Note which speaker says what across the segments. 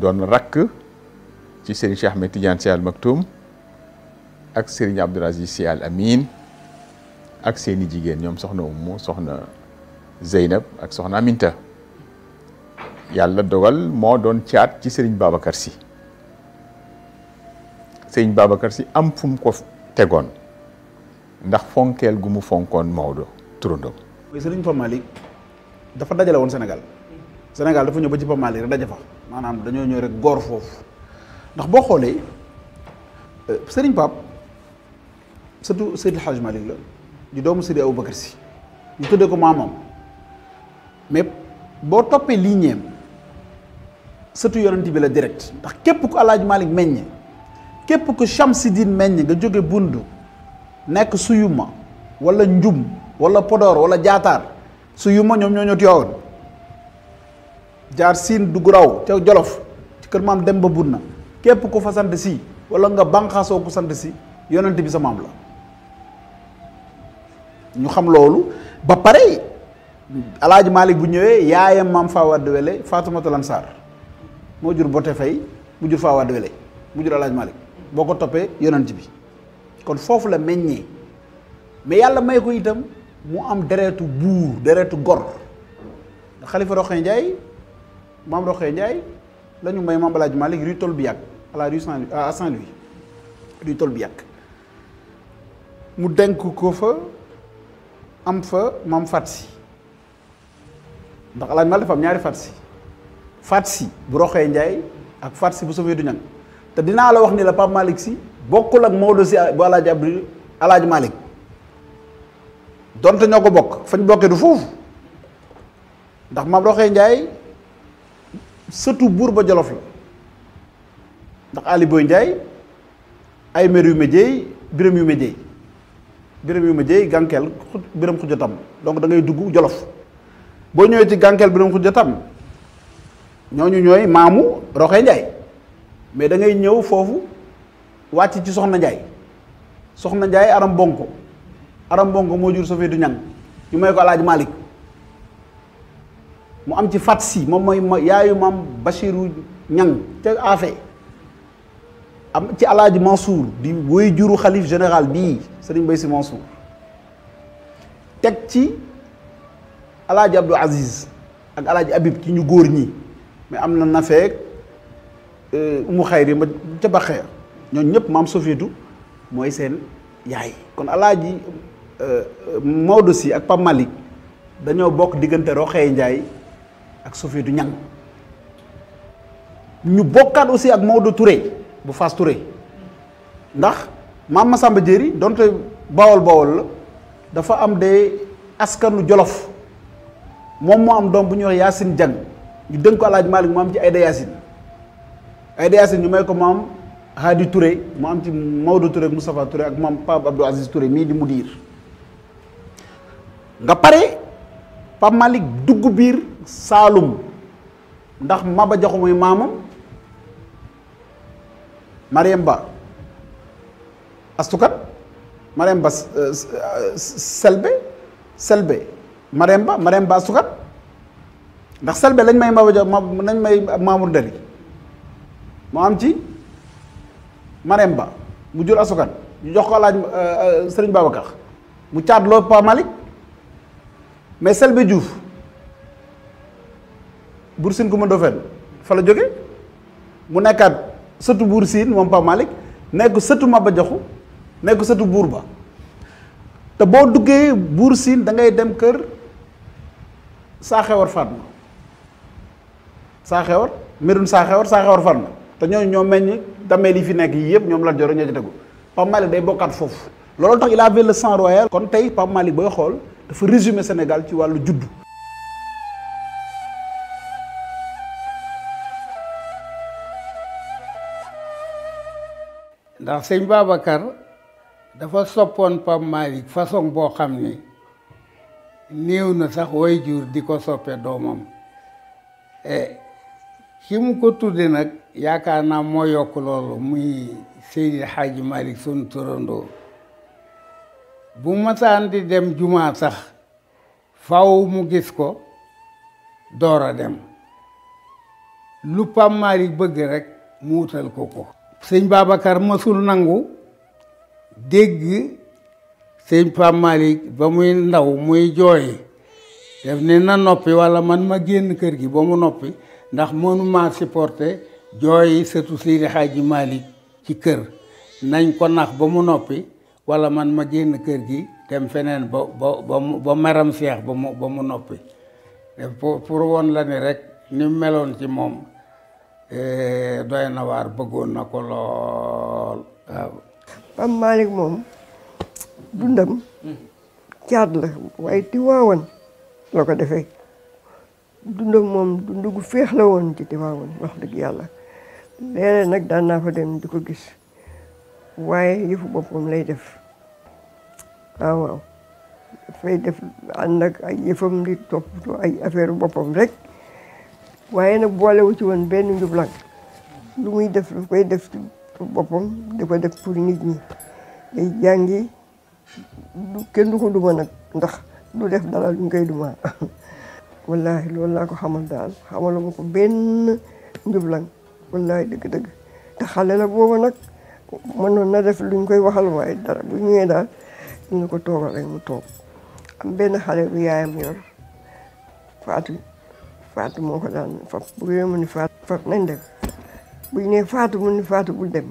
Speaker 1: doon rakk ci Serigne Cheikh Ahmed Tidiane Sy ak Serigne Abdoul Aziz Sy Amin ak seeni jigéen ñoom soxna Umu soxna Zeynab ak soxna Aminta yàlla dogal moo doon caat ci Serigne Babacar Sy Serigne Babacar Sy am fu ko tegoon ndax fonkeel gumu mu fonkoon Maodo turandoom.
Speaker 2: Serigne dafa dajale woon senegal Sénégal dafa ñëw ba ci pamali rek daje fa maanaam dañoo ñëw rek góor foofu ndax boo xoolee euh, Serigne Pape surtout Seydil Hadj Malick la di doomu Seydi Aboubacar Sy ñu tuddee ko maamam mais boo toppee lignéem sëtu bi la direct ndax képp malik Alaaji Malick meññe képp ku Chamsidine meññe nga Bundu nekk Suyuma wala Njum wala Podor wala Jaataar Suyuma ñoom ñoo ñoo tiyoon jaar sin du graw ci jolof ci keur mam dem ba bunna kep ku fa walonga si wala nga desi, ku sante si yonent bi sa mam la ñu xam lolu ba pare alaaji malik bu ñewé yaayam mam mujur wad welé faatumata lansaar mo jur boté fay mu jur fa wad welé mu jur alaaji malik boko topé yonent bi kon fofu la meññé mais yalla may ko itam mu am deretu bour deretu gor khalifa roxee Maam Roxee Ndiaye la ñu may Maam Alaaji Malick rue Tolbiac mu denk ko fa am fa Maam Fatsi ndax Alaaji ñaari Fatsi Fatsi bu Roxee Ndiaye ak Fatsi bu Sofee du te dinaa la wax ni si bokkul ak Maodo si bu donte ñoo ko bokk fañ bokkee du foofu ndax Maam Roxee Ndiaye sëtu buur ba jolof la ndax Ali Boy ay mer yu ma jeey biram yu ma jeey biram yu ma jeey gànkeel biram xujja tam donc dangay ngay dugg jolof boo ñëwee ci gànkeel biram xujja tam ñooñu ñooy maamu Roxee Njaay mais da ngay ñëw foofu wàcc ci Soxna Njaay Soxna Njaay aram bonko aram bonko moo jur Sofee du ñang ñu may ko Alaaji Malik mu am ci fat si moom mooy yaayu maam Bachirou Ñang ca Afe am ci alaaji Mansour di woy juru xalif général bii Serigne Mbaye Sy Mansour teg ci alaaji Abdou Aziz ak alaaji Habib ci ñu góor ñi mais am na nafeek euh, umu xayri ma ca baxeer ñooñu ñëpp maam Sofietu mooy seen yaay kon alaaji euh, Maodo Sy ak Pape dañoo bokk diggante Roxee Njaay ak Sophie du ñang ñu bokkaat aussi ak Maodo Touré bu fas Touré ndax maam Masamba Jéeri donte bawol bawol la dafa am de askanu jolof moom moo am doom bu ñuy wax Yacine Dieng ñu dënk ko Alaaji Malick mu am ci Aïda Yacine Aïda Yacine ñu may ko maam Hadi ture mu am ci Maodo Touré Moustapha Touré ak maam Pape Abdou Aziz Touré mii di mu diir nga pare Pape Malick dugg biir saalum ndax maba jaxu muy maamam mariam ba astukat mariam ba selbe selbe mariam ba mariam ba astukat ndax selbe lañ may maba jaxu lañ may maamur dari moo am ci mariam ba mu jur astukat ñu jox ko alaaj euh, euh, sëriñ Babacar mu caat loo Pa Malick selbe Diouf Bursin kuma kumba fa la joge mu nekkat sëtu bursin mom pa malik nekk sëtu mabba joxu nekk sëtu burba te bo duggé bursin da ngay dem kër sa xewor Fatma sa xewor mbirum sa xewor sa xewor Fatma te ñoo ñoo meñ li fi nekk yépp ñom la joro ñoo ci day bokkat fofu lolu tax il avait le sang royal kon tey Pape Malick booy xool dafa résumer Sénégal ci walu juddu.
Speaker 3: ndax sëñ Babacar dafa soppoon Pape Malick façon boo xam ni néew na sax way jur di ko soppe doomam e, ki mu ko tudde nag yaakaar naa moo yokk loolu muy Seydi Hadji Malick sunu turandoo bu masaan di dem jumaa sax faw mu gis ko door a dem lu Pape Malick bëgg rek mu wutal ko ko sëñ Babacar masul nangu dégg sëñ Pape Malick ba muy ndaw muy jooy def ne na noppi walla man ma génn kër gi ba mu noppi ndax mënuma supporter jooy sëtu Seydi Hadji Malick ci kër nañ ko nax ba mu noppi walla man ma génn kër gi dem feneen ba ba ba ba seex ba mu noppi pour pour la ni rek ni meloon ci moom Eh, doy na waar bëggoon na ko lool waaw.
Speaker 4: Pape moom dundam. caat la waaye Tiwaawan la ko defee dundam moom dund gu féex la woon ci Tiwaawan wax dëgg yàlla léeg-léeg nag daan naa fa dem di ko gis waaye yëfu boppam lay def waaw waaw dafay def ànd ak ay yëfam di toppatoo ay affaire boppam rek. waaye nag boolewu ci woon benn njublang lu muy def lu koy def boppam di ko def pour nit ñi day jàngi kenn du ko duma nag ndax du def dara luñ koy duma wallaahi loolu laa ko xamal daal xamaluma ko benn njublang wallaahi dëgg-dëgg te xale la booba nag noon na def luñ koy waxal waaye dara bu ñëwee daal dina ko toogal rek mu toog am benn xale yaayam yor Fatou faatu moo ko daan fab bu réew mu ni faatu fab nañ dem bu ñu nee faatu mu ni faatu bu dem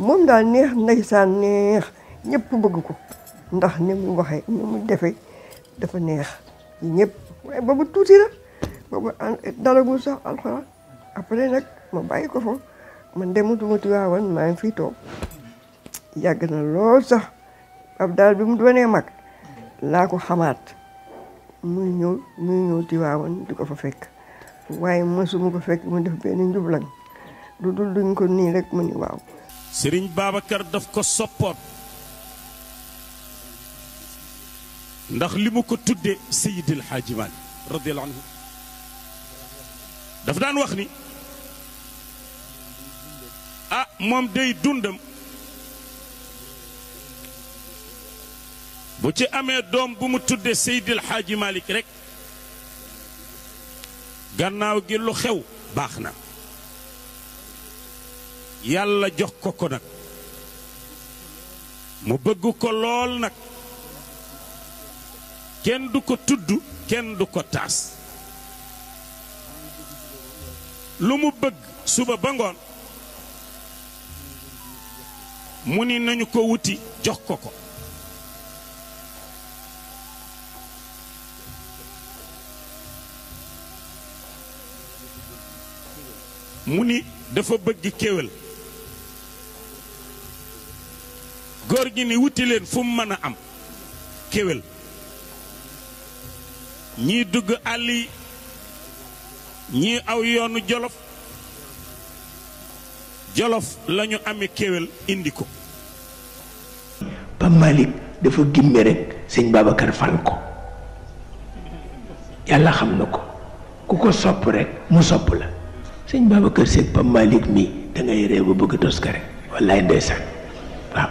Speaker 4: moom daal neex ndeysaan neex ñëpp bëgg ko ndax ni mu waxee ni mu defee dafa neex ñëpp waaye boobu tuuti la boobu sax alxuraan après nag ma bàyyi ko fa man dematuma Tiwaawan maa ngi fi toog yàgg na lool sax ab daal bi mu doonee mag laa ko xamaat muy ñëw muy ñëw Tiwaawan di ko fa fekk waaye mësuma ko fekk mu def benn njublaŋ lu dul duñ ko nii rek mu ni waaw
Speaker 5: sëriñ Babacar daf ko soppoon ndax li mu ko tudde Seydil Hadji Malick radiyallahu anhu daf daan wax ni a ah, moom day dundam bu ci amee doom bu mu tudde Seydil Xaaji Malik rekk gannaaw gi lu xew baax na yàlla jox ko ko nag mu bëgg ko lool nag kenn du ko tudd kenn du ko taas lu mu bëgg suba ba ngoon mu ni nañu ko wuti jox ko ko mu ni dafa bëgg kéwél góor gi ni wuti leen fu mu mën a am kéwél ñii dugg àll yi ñii aw yoonu jolof jolof lañu ame kéwél indi ko
Speaker 6: ba Malick dafa gimme rek sëñ Babacar fal ko yàlla xam na ko ku ko sopp rek mu sopp la sëñ Babacar kër ak Pape Malick mii da ngay réew ba bëgg toskare wallaay ndeysaan waaw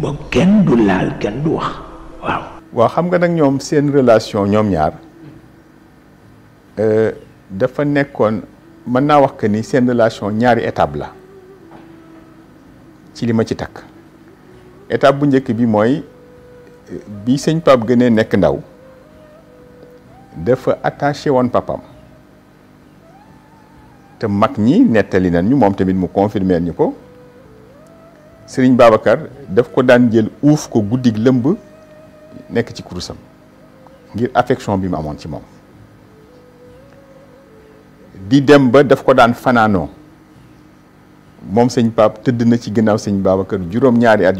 Speaker 6: moom kenn du laal kenn du wax waaw. waaw xam nga nag
Speaker 1: ñoom seen relation ñoom ñaar euh, dafa nekkoon mën naa wax que ni seen relation ñaari étape la ci li ma ci takk étape bu njëkk bi mooy bi sëñ Pape gënee nekk ndaw dafa attaché woon papam te mag ñi je ñu mom confirmer Babacar daf ko daan jël ko guddig lemb nek ci kurusam ngir affection bi mu ci di dem ba daf ko daan fanano mom pap teud na ci ginnaw Babacar ñaari at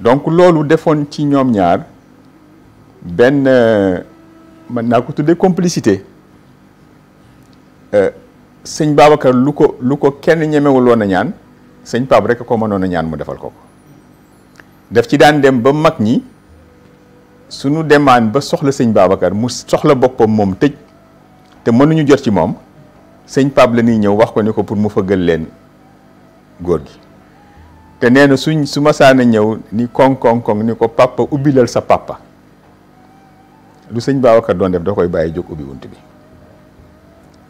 Speaker 1: donc lolu suis ci ñom ñaar ben complicité Eh, sëñ Babacar lu ko lu ko kenn ñemewul woon a ñaan sëñ Pape rek ko mënoon a ñaan mu defal ko ko daf ci daan dem ba mag ñi suñu demaan ba soxla sëñ baabakar mu soxla boppam moom tëj te mënuñu jot ci moom sëñ Pape la ñuy ñëw wax ko ni ko pour mu fëggal leen góor gi te nee na suñ su masaana ñëw ni koŋ koŋ koŋ ni ko papa ubbilal sa papa lu sëñ Babacar doon def da koy bàyyi jóg ubbi bunt bi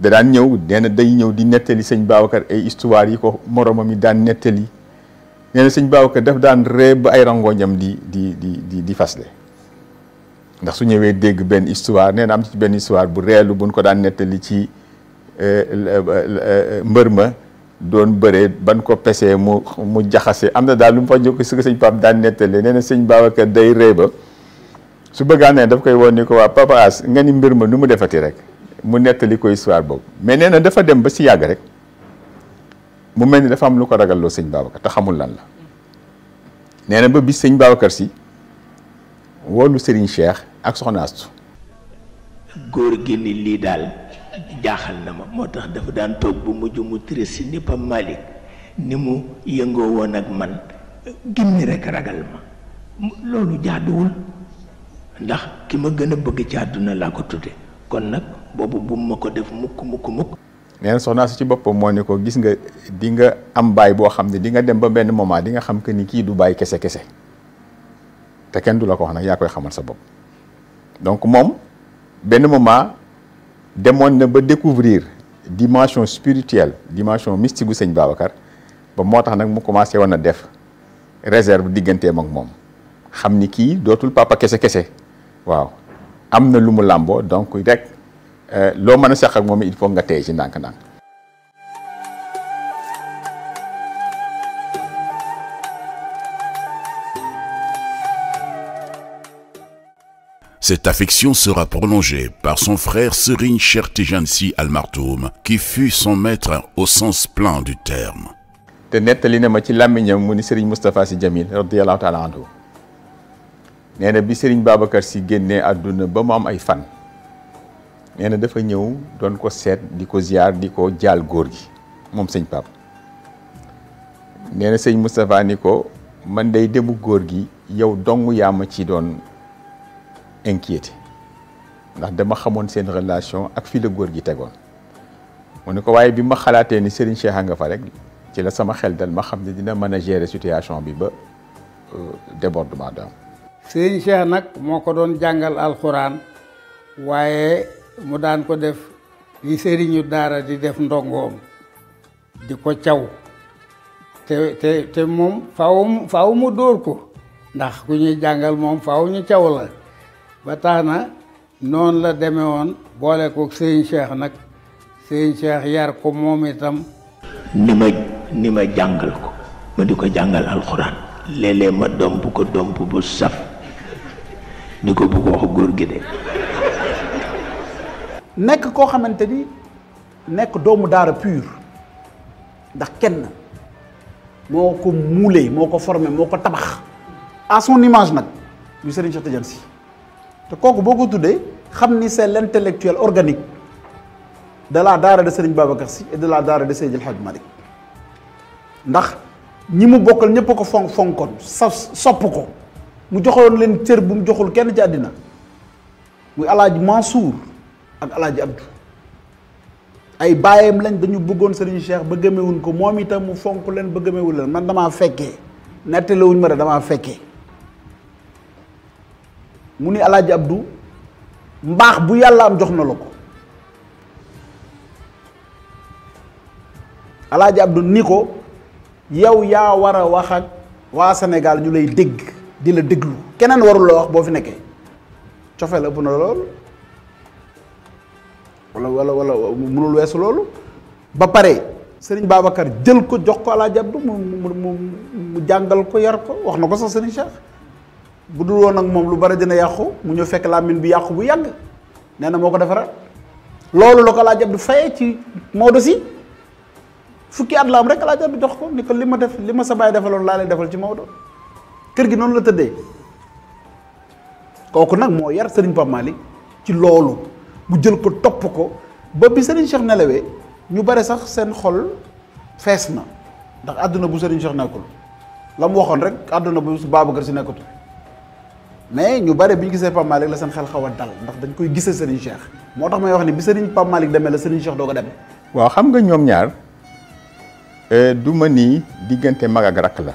Speaker 1: da daan ñew neena na day ñëw di netali seigne babakar ay histoire yi ko moromam yi daan netali neena seigne babakar daf daan reeb ay rangoñam di di di di di fasle ndax su ñewé dégg ben histoire neena am ci ben histoire bu réelu buñ ko daan netali ci eh, eh, eh, mbër ma doon beure ban ko pesee mu mu jaxase amna na daal lu fa jokk si seigne pap daan nettali neena seigne babakar day reeb su bëggaa daf koy woni ko wa Papa As nga ni mbir nu mu defati rek mu nettali ko histoire boobu mais nee na dafa dem ba si yàgg rek mu mel ni dafa am lu ko ragalloo sëñ Babacar te xamul lan la nee na ba bis sëñ Babacar si wolu Serigne Cheikh ak
Speaker 6: Soxna Astu góor gi ni lii daal jaaxal na ma moo tax dafa daan toog bu mujj mu trési ni Pape Malick ni mu yëngoo woon ak man gimmi rek ragal ma loolu jaaduwul ndax ki ma gën a bëgg ci àdduna laa ko tudde kon nag boobu buum ma ko def mukk mukk mukk.
Speaker 1: nee na soxnaa si ci boppam moo ne ko gis nga di nga am baay boo xam ne di nga dem ba benn moment di nga xam que ni kii du baay kese kese te kenn du la ko wax nag yaa koy xamal sa bopp donc moom benn moment demoon na ba découvrir dimension spirituelle dimension mystique gu sëñ Babacar ba moo tax nag mu commencé woon a def réserve digganteem ak moom xam ni kii dootul papa kese kese waaw am na lu mu làmboo donc rek euh, loo mën a sax ak moom il faut nga tey ci ndànk-ndànk
Speaker 7: Cette affection sera prolongée par son frère Serigne Cheikh Almartoum, qui fut son maître au sens plein du terme. te nettali na ma ci làmmiñam mu ni Serigne
Speaker 1: Moustapha Sy Jamil radiyallahu taala anhu nee na bi Serigne Babacar si génnee àdduna ba mu am ay fan nee dafa ñëw doon ko seet di ko ziar di ko jaal góor gi moom sëñ Pape nee na sëñ Moustapha ni ko man day demu góor gi yow dong yaa ma ci doon inquiété ndax dama xamoon seen relation ak fi la góor gi tegoon mu ne ko waaye bi ma xalaatee ni Serigne Cheikh nga fa rek ci la sama xel dal ma xam ne dina mën a gérer situation bi ba euh, débordement daam
Speaker 3: sëriñ Cheikh nag moo ko doon jàngal alxuraan waaye mu daan ko def li sëriñu daara di def ndongoom di ko caw te te te moom faaw mu dóor ko ndax ku ñuy jàngal moom faaw ñu caw la ba tax na noonu la deme woon boole ko sëriñ Cheikh nag sëriñ Cheikh yar ko moom itam
Speaker 6: ni ma ni ma jàngal ko ma di ko jàngal alxuraan léeg-léeg ma domp ko domp bu saf niko bu ko wax góor
Speaker 2: gi de nek ko xamanteni nek doomu daara pur ndax kenn moko ko moko former moko tabax à son image nak du Serigne Cheikh Tidiane si te koku boko tuddé xamni c'est l'intellectuel organique de la daara de Serigne Babacar si et de la daara de serigne El malik ndax ñi mu bokkal ñëpp ko fonk fonkoon sa sopp ko mu joxoon leen cër bu mu joxul kenn ci àddina muy alaaji Mansour ak alaaji Abdou ay baayam lañ dañu bëggoon Serigne Cheikh ba gëmewuñ ko moom itam mu fonk leen ba gëmewul leen man damaa fekke nettalewuñ ma de dama fekkee mu ni alaaji abdu mbaax bu yàlla am jox na la ko alaaji Abdou ni ko yow yaa war a wax ak waa Sénégal ñu lay dégg di la deglu kenen warul la wax bo fi nekké nekkee la bu na lol wala wala wala mënul weesu lol ba paré serigne Babacar djel ko jox ko alaaji Abdu mu mu jangal ko yar ko wax nako sax serigne Cheikh bu dul won ak mom lu bari dina yakku mu ñu fekk làmmiñ bi yakku bu yag nee moko defara ko defaraat la ko alaaji Abdu fayee ci modou si fukki at la rek alaaji jabb jox ko ni ko lima def lima ma sa baay defaloon la lay defal ci modou kër gi noonu la tëddee kooku nag moo yar Serigne Pape Malick ci loolu bu jël ko topp ko ba bi Serigne Cheikh nelawee ñu bare sax seen xol fees na ndax àdduna bu Serigne Cheikh nekkul la mu waxoon rek àdduna bu Babacar si nekkatu mais ñu bare bi ñu gisee Pape Malick la seen xel xaw a dal ndax dañ koy gisee Serigne Cheikh moo tax may wax ni bi Serigne Pape Malick demee la Serigne Cheikh doo ko dem. waaw
Speaker 1: xam nga ñoom ñaar eh, du ma nii diggante mag ak rakk la.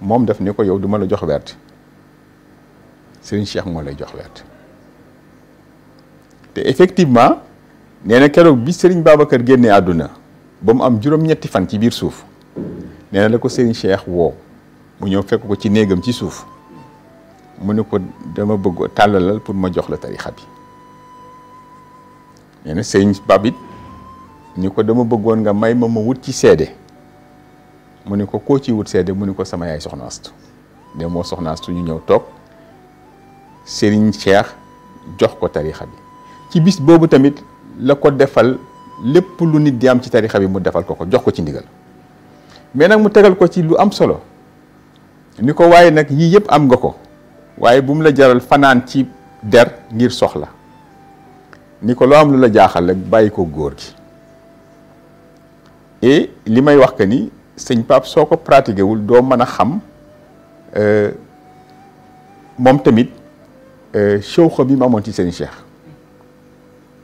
Speaker 1: mom def ni ko yow du ma la jox werte Serigne Cheikh mo lay jox werte te effectivement nee na bi Serigne Babacar génnee aduna bam am juróom-ñetti fan ci bir souf
Speaker 4: nee
Speaker 1: na la ko Serigne Cheikh wo mu ñew fekk ko ci néegam ci souf mu ne ko dama bëgg tàllalal pour ma jox la tarixa bi nee Serigne Babit ni ko dama bëggoon nga may ma ma wut ci seede mu ni ko koo ciy wut seede mu ni ko sama yaay soxna astu de moo soxna astu ñu ñëw toog sëriñ Cheikh jox ko tarixa bi ci bis boobu tamit la ko defal lépp lu nit di am ci tarixa bi mu defal ko ko jox ko ci ndigal mais nag mu tegal ko ci lu am solo ni ko waaye nag yii yëpp am nga ko waaye bu mu la jaral fanaan ci der ngir soxla ni ko loo am lu la jaaxal rek bàyyi ko góor gi li may wax que ni seigne Pape soko ko pratiqué wul do meuna xam euh mom tamit shawqa euh, bi mu amoon cheikh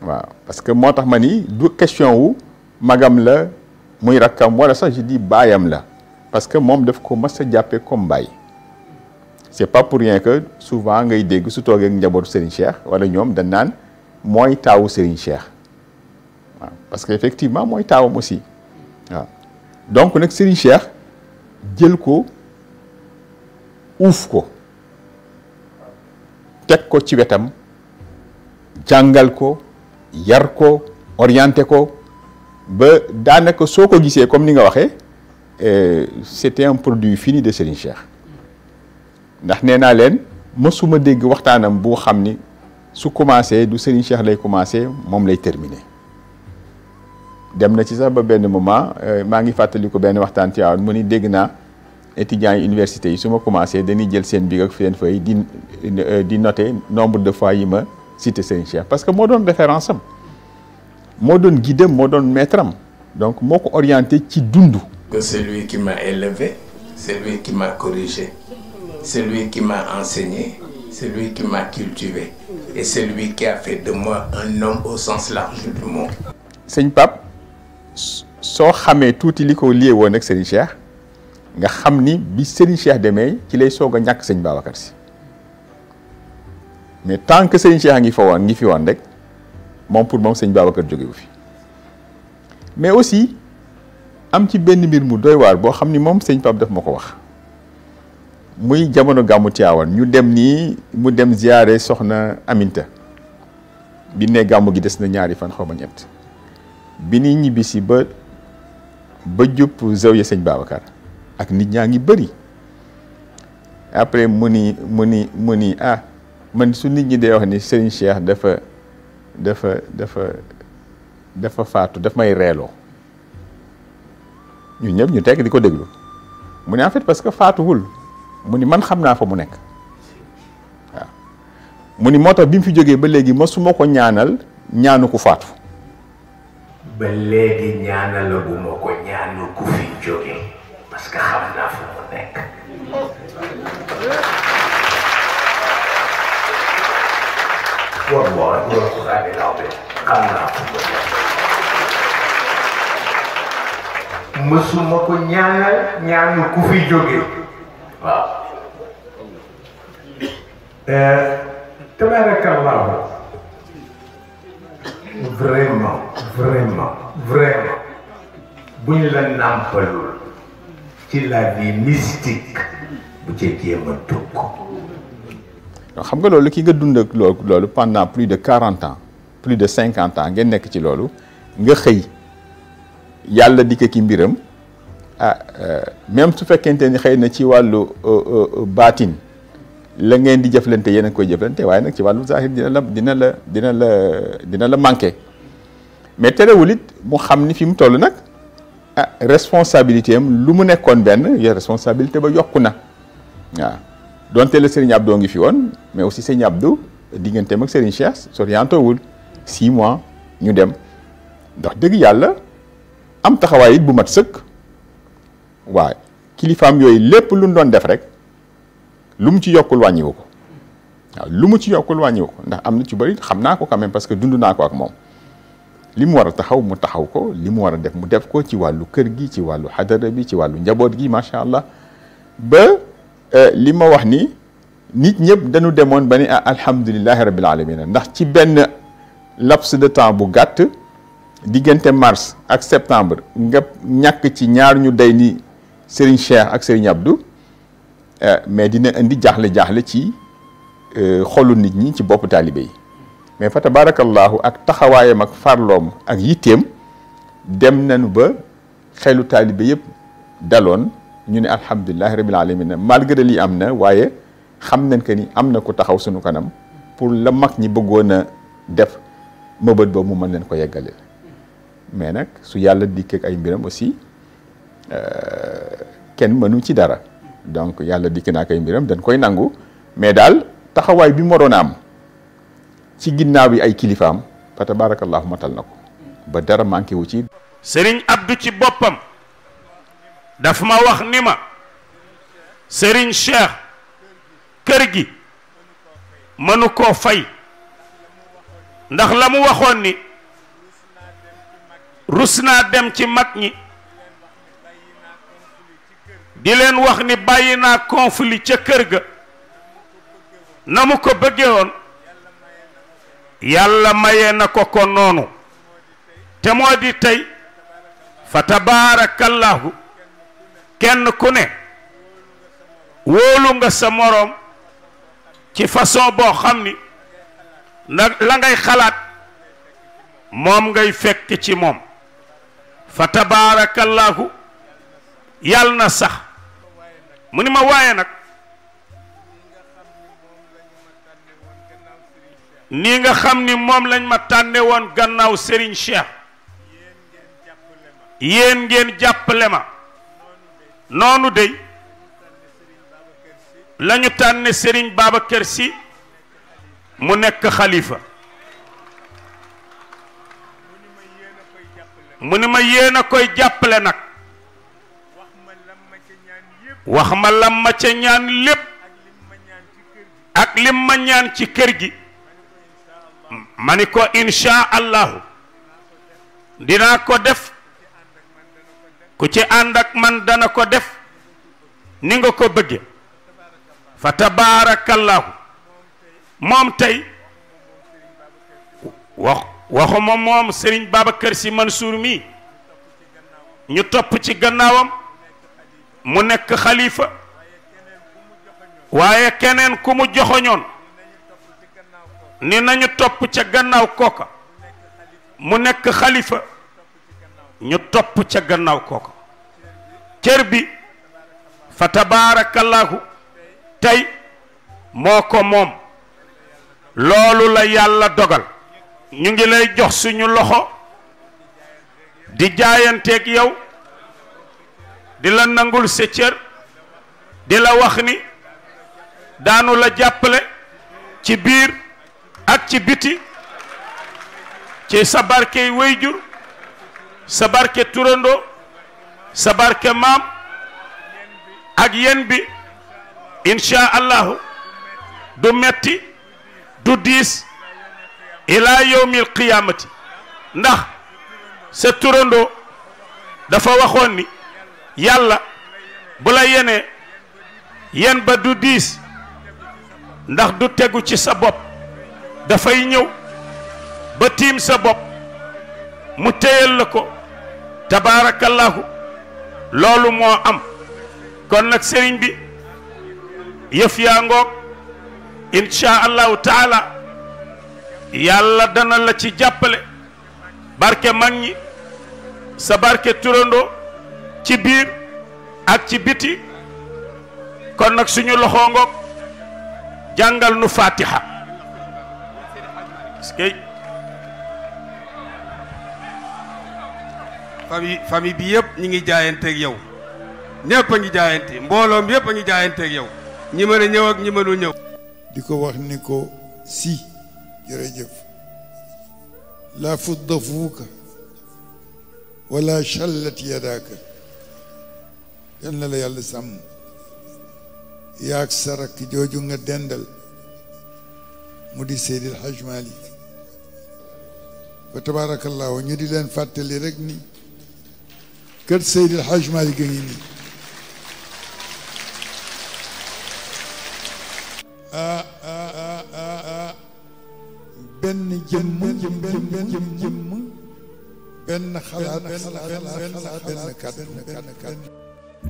Speaker 1: wa parce que motax mani ma du question wu magam la muy rakam wala sax je dis bayam la parce que mom def ko mas a jàppee comme bay c'est pas pour rien que souvent ngay dégg su togué ak njabootu Serigne Cheikh wala ñom dañ nan moy taw Serigne Cheikh waaw parce que effectivement mooy taawam aussi waaw donc nag Serigne Cheikh jël ko ko tek ko ci wetam jangal ko ko ba comme eh, c'était un produit fini de Serigne Cheikh ndax len musuma deg waxtanam bu su commencé du Serigne Cheikh terminé dem na ci sax ba benn moment euh, maa ngi fàttali ko benn waxtaan ci moni mu ni dégg naa étudiants université yi su ma commencé dañuy jël seen bic ak seen feuille di euh, di noter nombre de fois yi ma cité Serigne Cheikh parce que moo doon référence am moo doon guide am moo doon maître am donc moo ko orienté ci dund.
Speaker 6: que celui qui m'a élevé celui qui m'a corrigé celui qui m'a enseigné celui qui m'a cultivé et celui qui a fait de moi un homme au sens large du mot. Seigne Pape. soo
Speaker 1: xamee tuuti li ko lié woon ak Serigne Cheikh nga xam ni bi Serigne Cheikh demee ci lay soog a ñàkk sëñ Babacar si mais tant que Serigne a ngi fa woon ngi fi woon rek moom pour moom sëñ Babacar jógewu fi mais aussi am ci benn mbir mu doy waar boo xam ni moom sëñ Pape daf ma ko wax muy jamono gàmmu Tiwaawan ñu dem nii mu dem ziyaare soxna Aminta bi ne gàmmu gi des na ñaari fan xaw ma ñett. bi ni ñibbisi ba ba jupp zawiya sëñ Babacar ak nit ñaa ngi bëri après mu muni muni ah man su nit ñi dee wax ni Serigne Cheikh dafa dafa dafa dafa faatu daf may reeloo ñu ñëpp ñu tekk di ko muni mu ne en fait parce que faatuwul mu ni man xam naa fa mu nekk waaw mu bi mu fi jógee ba ma su ñaanal ñaanu ko faatu
Speaker 6: ba léegi ñaanala bu ko ñaanu ku fi parce que xam naa fu mu nekk wallahi alquraan al-aziim xam naa fu mu nekk mësuma ko ñaanal ñaanu ku fi jóge waaw eh, tabarakallahu vraiment vraiment vraiment bu la nampalul ci la vie mystique bu ci jéem a dugg.
Speaker 1: xam nga loolu ki nga dund ak loolu pendant plus de 40 ans plus de 50 ans ngeen nekk ci loolu nga xëy yàlla di ko ki mbiram ah euh, même su fekkente ni xëy na ci wàllu euh, euh, baatin. la ngeen di jëflante yéen koy jëflante waaye nag ci wàllu zahir dina la dina la dina la dina la manqué mais terewul it mu xam ni fi mu toll nag ah responsabilité lu mu nekkoon benn ya responsabilité ba yokku na waaw donte la Serigne Abdou ngi fi woon mais aussi Serigne Abdou digganteem ak Serigne Cheikh soriantowul six mois ñu dem ndax dëgg yàlla am taxawaay it bu mat sëkk waaye kilifaam yooyu lépp lu ñu doon def rek. lu mu ci yokkul wàññiwu ko lu mu ci yokkul wàññiwu ko ndax am na ci bëri xam naa ko quand même parce que dund naa ko ak moom li mu war a taxaw mu taxaw ko li mu war a def mu def ko ci wàllu kër gi ci wàllu xadara bi ci wàllu njaboot gi macha allah ba euh, li ma wax ni nit ñëpp dañu demoon ba ni ah alhamdulilahi rabil alamina ndax ci benn laps de temps bu gàtt diggante mars ak septembre nga ñàkk ci ñaar ñu day ni Serigne Cheikh ak Serigne Abdou mais dina indi jaaxle-jaaxle ci xolu nit ñi ci bopp taalibe yi mais fa tabarakallahu ak taxawaayam ak farloom ak yitteem dem nañu ba xelu taalibe yëpp daloon ñu ne alhamdulilahi rabil alamin malgré lii am na waaye xam nañ que ni am na ku taxaw suñu kanam pour la mag ñi bëggoon a def mëbët ba mu mën leen ko yeggaleel mais nag su yàlla dikkeek ay mbiram aussi kenn mënu ci dara donc yàlla dikki naa koy mbiram dañ koy nangu mais daal taxawaay bi mu waroon a am ci ginnaaw yi ay kilifaam fa tabaarakallaahu matal na ko ba dara manqué wu ci. Serigne
Speaker 5: Abdou ci boppam daf ma wax ni ma Serigne Cheikh kër gi mënu koo fay ndax la mu waxoon ni rus naa dem ci mag ñi. di leen wax ni bàyyi naa conflit ca kër ga na mu ko bëggee woon yàlla maye na ko ko noonu te moo di tey fa tabaarakallahu kenn ku ne wóolu nga sa moroom ci façon boo xam ni la ngay xalaat moom ngay fekk ci moom fa tabaarakallahu yàlla na sax mu ni ma waaye nag nii nga xam ni moom lañ ma tànne woon gannaaw sëriñ Cheikh yéen ngeen jàppale ma noonu dey lañu tànne Serigne Babacar Sy mu nekk xalifa mu ni ma yéen a koy jàppale nag wax ma lam ma ca ñaan lépp ak lim ma ñaan ci kër gi ma ni ko insha allahu dinaa ko def ku ci ànd ak man dana ko def ni nga ko bëgge fa tabaarakallahu moom tey wax waxuma moom Serigne Babacar Sy Mansour mii ñu topp ci gannaawam mu nekk xalifa waaye keneen ku mu joxoñoon ni nañu topp ca gannaaw kooka mu nekk xalifa ñu topp ca gannaaw kooka cër bi fa tabaarakallaahu tey moo ko moom loolu la yàlla dogal ñu ngi lay jox suñu loxo di jaayanteeg yow di la nangul sa di la wax ni daanu la jàppale ci biir ak ci biti ci sa barke wayjur sa barke turandoo sa barke maam ak yen bi incha allahu du metti du diis ila yowmil qiyaamati ndax sa turandoo dafa waxoon ni yàlla bu la yenee yen ba du diis ndax du tegu ci sa bopp dafay ñëw ba tiim sa bopp mu téyal la ko tabaarakallahu loolu moo am kon nag sëriñ bi yëf yaa ngoog insha allahu taala yàlla dana la ci jàppale barke mag ñi sa barke turandoo ci biir ak ci biti kon nag suñu loxo ngoog jàngal nu fatiha kay famille
Speaker 3: bi yëpp ñi ngi jaayanteeg yow ñëpp a ngi jaayante mbooloom yëpp a ngi jaayanteeg yow ñi mën a ñëw ak ñi mënul ñëw di ko wax ni ko si jëf laa fudda fuuka wala callat yadaaka yal na la yàlla sàmm yaag sarak jooju nga dendal mu di Seydil Hajj Malik ba tabaarakallaahu ñu di leen fàttali rek ni
Speaker 8: kër Seydil Hajj Malik a ngi nii ah ah ah ah benn jëmm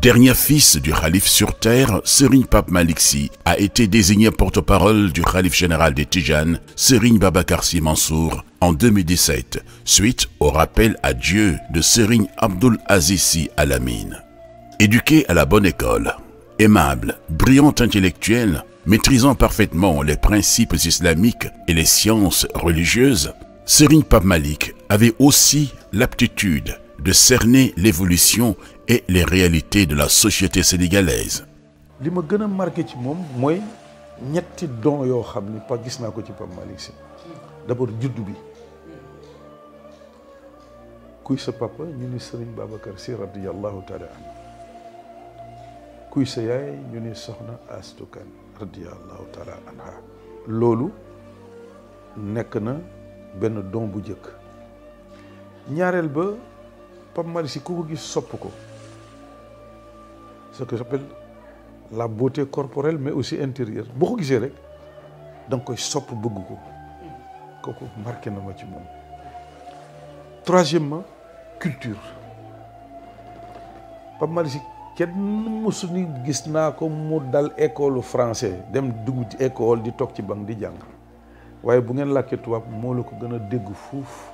Speaker 7: dernier fils du khalif sur terre, Serigne Pape Maliksi, a été désigné porte-parole du khalif général des Tijan, Serigne Babakarsi Mansour, en 2017, suite au rappel à Dieu de Serigne Abdul Azizi Alamine. Éduqué à la bonne école, aimable, brillant intellectuel, maîtrisant parfaitement les principes islamiques et les sciences religieuses, Serigne Pape Malick avait aussi l'aptitude de cerner l'évolution et les réalités de la société sénégalaise.
Speaker 9: li ma gën a marqué ci moom mooy ñetti don yoo xam ni gis ci Pape Sy d'abord juddu bi kuy sa papa ñu ni Serigne Babacar Sy radiyallahu taala Qui kuy sa yaay ñu ni Soxna Astoukan, Kane radiyallahu taala anha loolu nekk na benn don bu njëkk ñaareel ba pas mal Sy ku ko gis ce que j'appelle la beauté corporelle mais aussi intérieure Beaucoup ko gisee donc ils nga koy coco bëgg ko kooku marqué ma ci troisièmement culture Pas mal Sy qu'est mësuñu gis naa ko mu dal école français dem dugg école di toog ci banc di jàng waaye bu ngeen làkkee tubaab moo la ko gën fuuf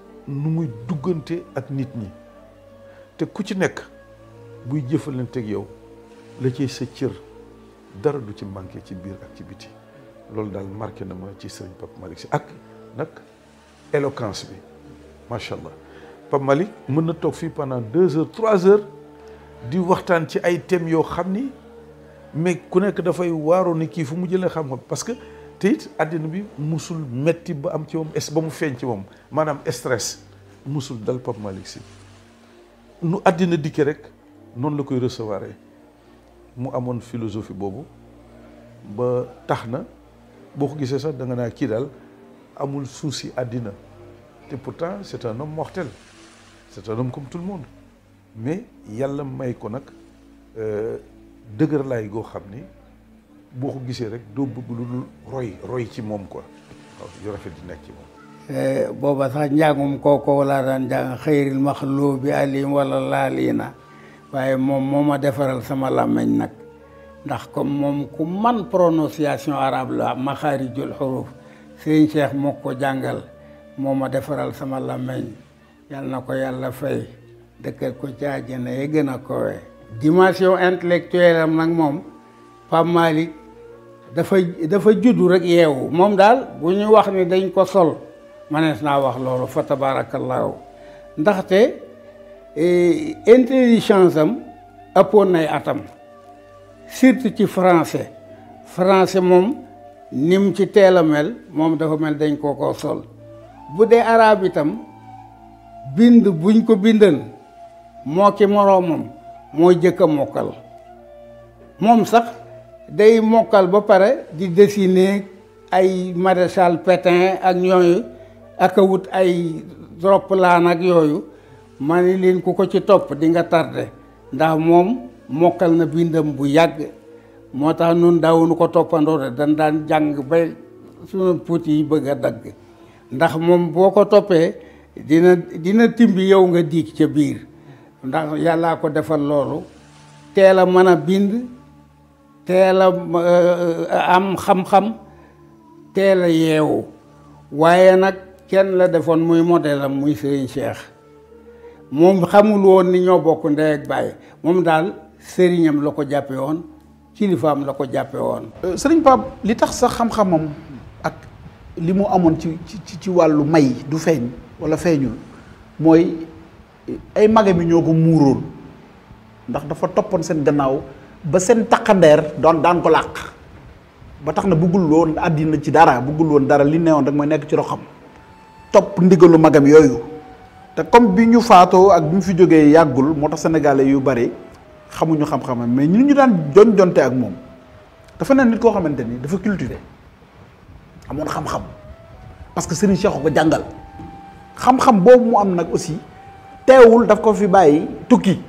Speaker 9: nu muy duggante ak nit ñi te ku ci nekk buy jëfalanteeg yow la ciy sa cër dara du ci manqué ci biir ak ci biti loolu daal marqué na ma ci sëriñ Pape Malick si ak nag éloquence bi macha allah Pape Malick mën na toog fii pendant deux heures trois heures di waxtaan ci ay thèmes yoo xam ni mais ku nekk dafay waaroo ni kii fu mu jëlee xam nga parce que te it àddina bi musul metti ba am ci moom ba mu feeñ ci moom maanaam stress musul dal pop Malick Sy nu adina dikke rek non la koy recevoir mu amone philosophie boobu ba taxna na boo ko sax da nga na kii daal amul souci adina et pourtant c'est un homme mortel c'est un homme comme tout le monde mais yalla may ko nak euh laay lay go xamni boo ko rek do bëgg lu roy roy ci mom quoi waaw yu rafet di nek ci moom
Speaker 3: Eh, booba sax njàngum kooku laa daan njàng xëyril maxluubi alim wala laaliina waaye moom moo ma defaral sama làmmiñ nag ndax comme moom ku man prononciation arabe la maxaarijul xuruf sëriñ Cheikh moo ko jàngal moo ma defaral sama làmmiñ yal na ko yàlla fay dëkkal ko ci àjjana yi gën a kowe intellectuelle am nag moom Pape dafa dafa juddu rek yeewu moom daal bu ñu wax ni dañ ko sol manees naa wax loolu fa tabaarakallaahu ndaxte e, intelligence am ëppoon nay atam surtout ci français français moom nim ci teel a mel moom dafa mel dañ koo ko sol bu dee araab itam bind buñ ko bindal moo ki moroomam moo jëkk a mokkal moom sax day mokkal ba pare di dessiner ay maréchal petin ak ñooyu ak wut ay lan ak yoyu ma len ku ko ci top di nga tardé ndax mom mokal na bindam bu yag moo nun dawun ko topando de dan dan jàng ba sunu puti yi bëgg dag ndax mom boko topé dina dina timbi yow nga dik ci bir ndax yalla ko defal lolu téla a bind téla euh, euh, am xam-xam téla yew waye nak kenn la defoon muy modèle am muy Serigne Cheikh moom xamul woon ni ñoo bokk ndey ak baay moom daal sëriñam la ko jàppe woon kilifaam la ko jàppe woon
Speaker 2: euh, sëriñ Pape li tax sa xam-xamam ak li mu amoon ci ci ci wàllu may du feeñ wala feeñul mooy euh, ay magam yi ñoo ko muuroon ndax dafa toppoon seen gannaaw ba seen taqandeer doon daan ko làq ba tax na buggul woon àddina ci dara buggul woon dara li neewoon rek mooy nekk ci roxam topp ndigalu magam yooyu te comme bi ñu faatoo ak bi ñu fi jógee yàggul moo tax sénégalais yu bari xamuñu xam-xamam mais ñu ñu daan jon jonte ak moom dafa ne nit koo xamante ni dafa cultivé amoon xam-xam parce que Serigne ko jàngal xam-xam boobu mu am nag aussi teewul daf ko fi bàyyi tukki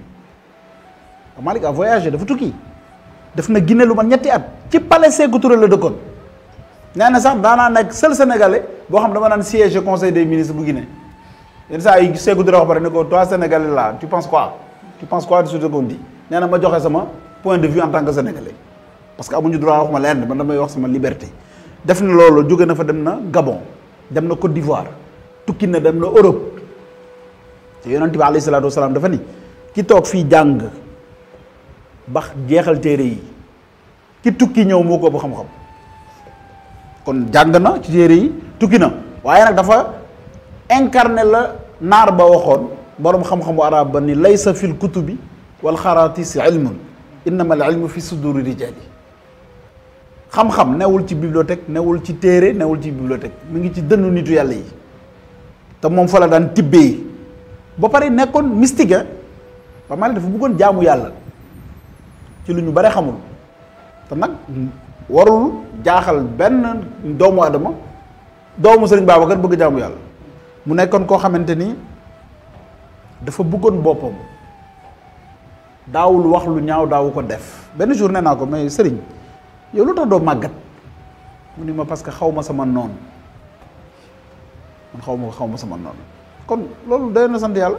Speaker 2: Malick a voyagé dafa tukki def na Guinée lu man ñetti at ci palais Sékou Touré dëkkoon nee na da na nek seul sénégalais bo xam dama nan siège conseil des ministres bu Guinée yenn saa yi ségu dara wax pare ne ko toi sénégalais là tu penses quoi tu penses quoi de ce qu'on dit nee ma joxé sama point de vue en tant que sénégalais parce que amuñu droit wax ma lenn man damay wax sama liberté def na loolu jóge na fa dem na Gabon dem na Côte d'Ivoire tukki na dem na Europe te yonent bi alayhi salaatu wasalaam dafa ni ki tok fi jang bax jeexal téere yi ki tukki ñew moko ko bu xam-xam kon jàng na ci téere yi tukki na waaye nag dafa incarné la naar ba waxoon boroom xam-xamu arab ba ni laysa fil kutubi wal xaraatisi ilmun innama al ilmu fi suduri rijaali xam-xam newul ci bibliothèque newul ci téere newul ci bibliothèque mu ngi ci dënnu nitu yàlla yi te moom fa la daan tibbee ba pare nekkoon mystique ba ma ne dafa bëggoon jaamu yàlla ci lu ñu bare xamul te nag warul jaaxal benn doomu adama doomu sëriñ Babacar bëgg jaamu yàlla mu nekkoon koo xamante ni dafa bëggoon boppam daawul wax lu ñaaw daawu ko def benn jour naa ko mais sëriñ yow lu tax doo màggat mu ni ma parce que xaw ma sama noon man xaw ma xaw ma sama noonu kon loolu day na sant yàlla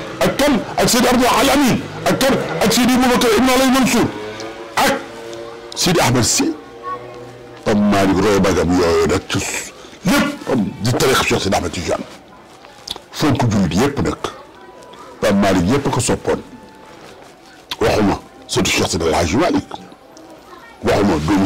Speaker 10: ak kan ak Seydi Abdou Al Amin ak kan ak Seydi Boubacar Ibn Alaye Mansour ak Seydi Ahmed Sy pam Malick roy bagam yooyu nag ci lépp di tarix Cheikh Ahmed Tidiane fonk jullit yëpp nag pam Malick yëpp ko soppoon waxuma surtout Cheikh Seydi El Hadji Malick waxuma doomu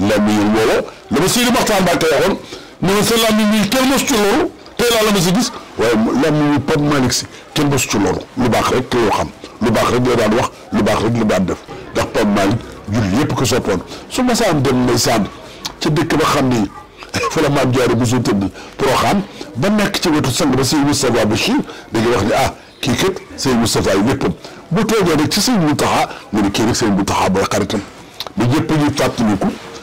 Speaker 10: làmmiñam woowa la ma Sidi Moxtaar Mbàkke waxoon ne ma sa làmmiñ mi kenn mosu ci loolu tey laa la ma si gis waaye làmmiñ mi Pape Malick si kenn mosu ci loolu lu baax rek kayoo xam lu baax rek la daan wax lu baax rek la daan def ndax Pape Malick julli yëpp ko soppoon su ma saan dem ndeysaan ca dëkk ba xam ni fa la maam jaare bu soo tëdd proxaan ba nekk ci wetu sang ba sëñ Moustapha Bachir da ngay wax ni ah kii kat sëñ Moustapha yi léppam bu toogee rek ci sëñ Mountakha nga ne kii rek sëñ Mountakha booy xaritam ba ñëpp ñu fàttaliku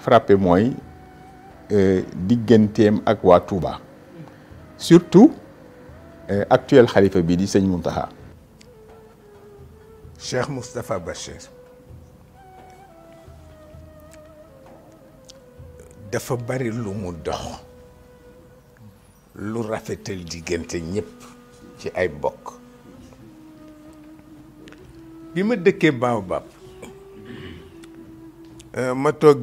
Speaker 1: frappé moi euh, digentem ak Touba surtout euh, actuel xalifa bi di sëñ Mountakha.
Speaker 6: Cheikh mustapha Bachir dafa bari lu mu dox lu rafetal digenté ñep ci ay bok bima dekké Baobab euh, ma tok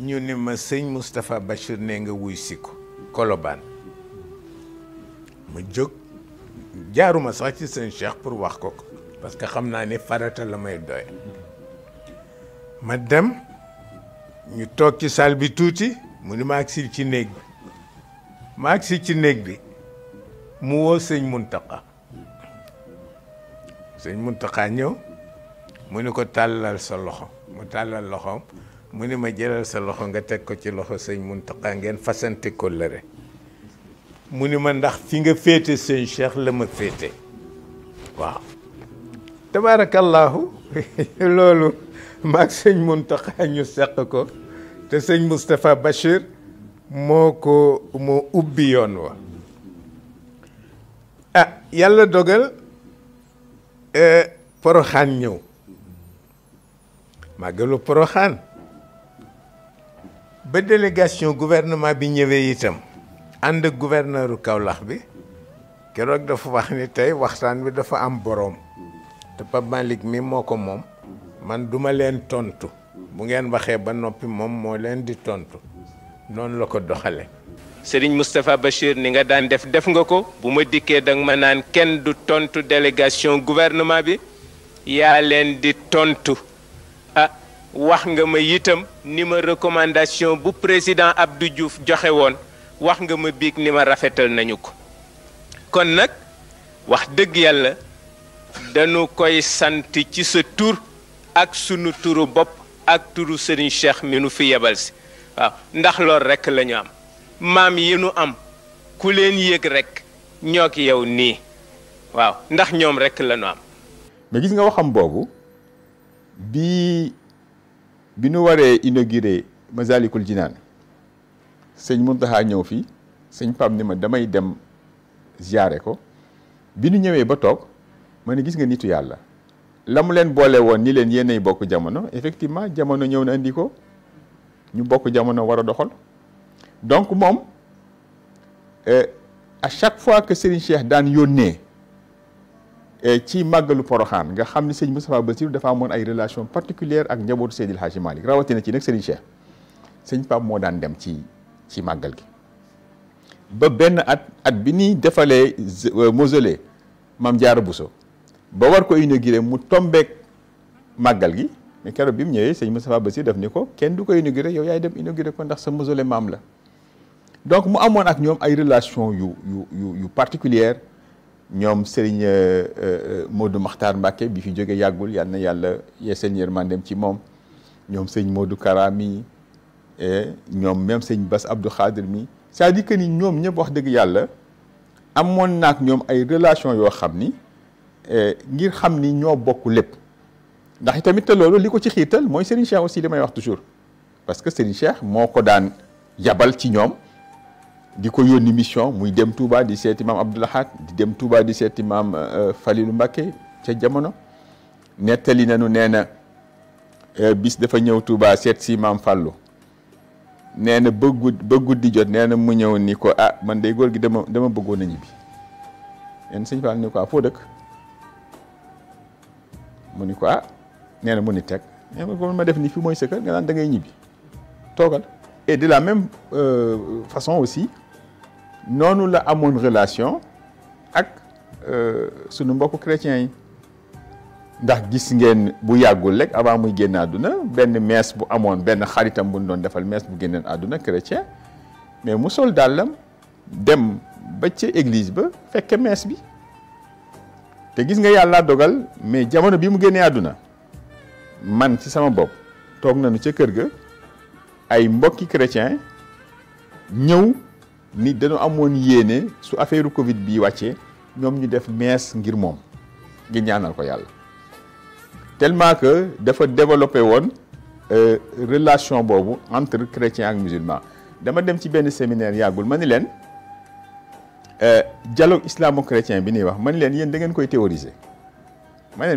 Speaker 6: ñu ne ma sëñ Moustapha Bachir ne nga wuy si ko Colobane ma jóg jaaruma sax ci sëñ Cheikh pour wax ko ko parce que xam naa ni farata la may doy ma dem ñu toog ci salle bi tuuti mu ni ma agsi ci néeg bi ma ci néeg bi mu woo sëñ Muntaqa sëñ Muntaqa ñëw mu ni ko tàllal sa loxo mu tàllal loxoom mu ne ma jëlal sa loxo nga teg ko ci loxo sëñ Muntaqa ngeen fasante kóllëre mu ni ma ndax fi nga féete sëñ Cheikh la ma féete waaw tabaarakallaahu loolu maag sëñ Muntaqa ñu seq ko te sëñ Moustapha Bachir moo ko mu ubbi yoon wa ah yàlla dogal eh, poroxaan ñëw màggalu poroxaan ba délégation gouvernement bi ñëwee itam ànd ak gouverneuru Kaolack bi keroog dafa wax ni tey waxtaan bi dafa am boroom te Pape mi moo ko moom man duma leen tontu bu ngeen waxee ba noppi moom moo leen di tontu noonu la ko doxale Serigne Moustapha Bachir ni nga daan def def nga ko bu ma dikkee danga ma naan kenn du tontu délégation gouvernement bi yaa leen di tontu wax nga ma itam ni ma recommandation bu président Abdou Diouf joxe woon wax nga ma biig ni ma rafetal nañu ko kon nag wax dëgg yàlla dañu koy sant ci sa tur ak sunu turu bopp ak turu Serigne Cheikh mi nu fi yebal si waaw ndax loolu rekk lañu am maam yi nu am ku leen yëg rekk ñoo ki yow nii waaw ndax ñoom rekk la am.
Speaker 1: mais gis nga waxam boobu bi bi nu waree inauguré Masalikul Jinaan sëñ Muntaxa ñëw fii sëñ pam ni ma damay dem ziare ko bi nu ñëwee ba toog ma ne gis nga nittu yàlla la mu leen boole woon ni leen yéenay bokk jamono effectivement jamono ñëw na indi ko ñu bokk jamono war a doxal donc moom euh, à chaque fois que Serigne Cheikh daan yónnee. Eh, ci màggalu poroxaan nga xamni ni sëñ Moustapha Bassirou dafa amone ay relation particulière ak njabootu Seydil malik rawati na ci nek Serigne Cheikh sëñ pap mo daan dem ci ci magal gi ba ben at at bi ni defale euh, mausolée mam Diarra Bousso ba war ko inaugurer mu tombeek magal gi mais kéro bi mu ñëwé sëñ Moustapha bassir daf ni ko kenn du ko inaugurer yow yaay dem inaugurer ko ndax sa mausolée mam la donc mu amone ak ñom ay relation yu yu yu particulière ñoom Serigne euh, euh, Modou Makhtar Mbacke bi fi jógee yàggul yal na yàlla yeeseen yërmandeem ci moom ñoom sëñ Modou Kara mi ñoom même sëñ bas Abdou Khadir mii cest à que ni ñoom ñëpp wax dëgg yàlla amoon naak ñoom ay relation yoo xam ni ngir xam ni ñoo bokk lépp ndax itamit te loolu li ko ci xiital mooy Serigne Cheikh aussi li may wax toujours parce que Serigne Cheikh moo ko daan yabal ci ñoom di ko yónni mission muy dem Touba di seeti maam Abdoul Ahad di dem Touba di seeti maam euh, euh, Falilou Mbacké ca jamono nettali nañu nee na euh, bis dafa ñëw Touba seet si maam Fallou nee na bëggu bëggu di jot nee na mu ñëw ni ko ah man day góor gi dama dama bëggoon na ñibbi en sëñ Fall ni ko ah foo dëkk mu ni ko ah nee mu ni teg nee eh, ma def ni fi mooy sa kër nga naan da ñibbi toogal et de la même euh, façon aussi noonu la une relation ak euh, sunu mbokku chrétiens yi ndax gis ngeen bu yàggul rek avant muy génn àdduna benn mees bu amoon charité xaritam bu ñu doon defal mees bu génneen Aduna, chrétien mais mu sol dàllam dem ba ca église ba fekke mees bi te gis nga yalla dogal mais jamono bi mu génnee aduna man ci sama bop tok nañu ci kër ga ay mbokki chrétien ñew ni dañu amone yéene su affaire Covid bi wàccee ñom ñu def mees ngir mom gi ñaanal ko tellement que dafa euh, relation entre chrétien ak dama dem ci ben séminaire yagul len euh, dialogue islamo-chrétien bi ni wax len yeen da ngeen koy théoriser mais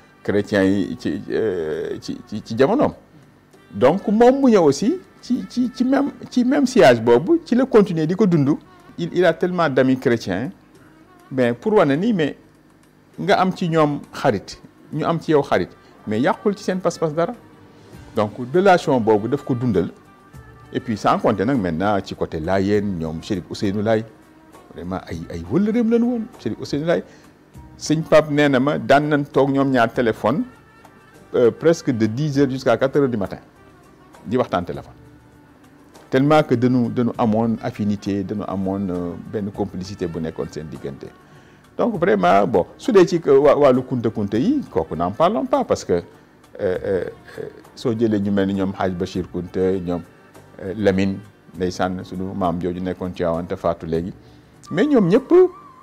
Speaker 1: chrétiens ci ci ci ci donc moom mu aussi ci ci ci même ci même siège bobu ci le continuer diko ko il il a tellement d'amis chrétiens mais pour wane ni mais nga am ci ñom xarit ñu am ci yow xarit mais yàqul ci sen pas-pas dara donc relation bobu daf ko dundal et puis sans compter nak maintenant ci côté l'ayen, ñom cheikh Ousseynou lay vraiment ay ay wëllëreem lañ won cheikh Ousseynou lay sëñ Pape néna ma dan nañ tok ñom ñaar téléphone euh, presque de 10 heures jusqu'à 4 heures du matin di waxtan téléphone tellement que de nous, de nous amone affinité nous amoon ben complicité bu nekkon seen digënté donc vraiment bon su dee ci walu kunta kunta yi kooku n'en parlons pas parce que euh, so jëlee ñu melni ñom ñoom Hadj Bachir ñom ñoom Lamine ndeysaan suñu maam jooju nekkon ci awante Fatou légui mais ñom ñëpp.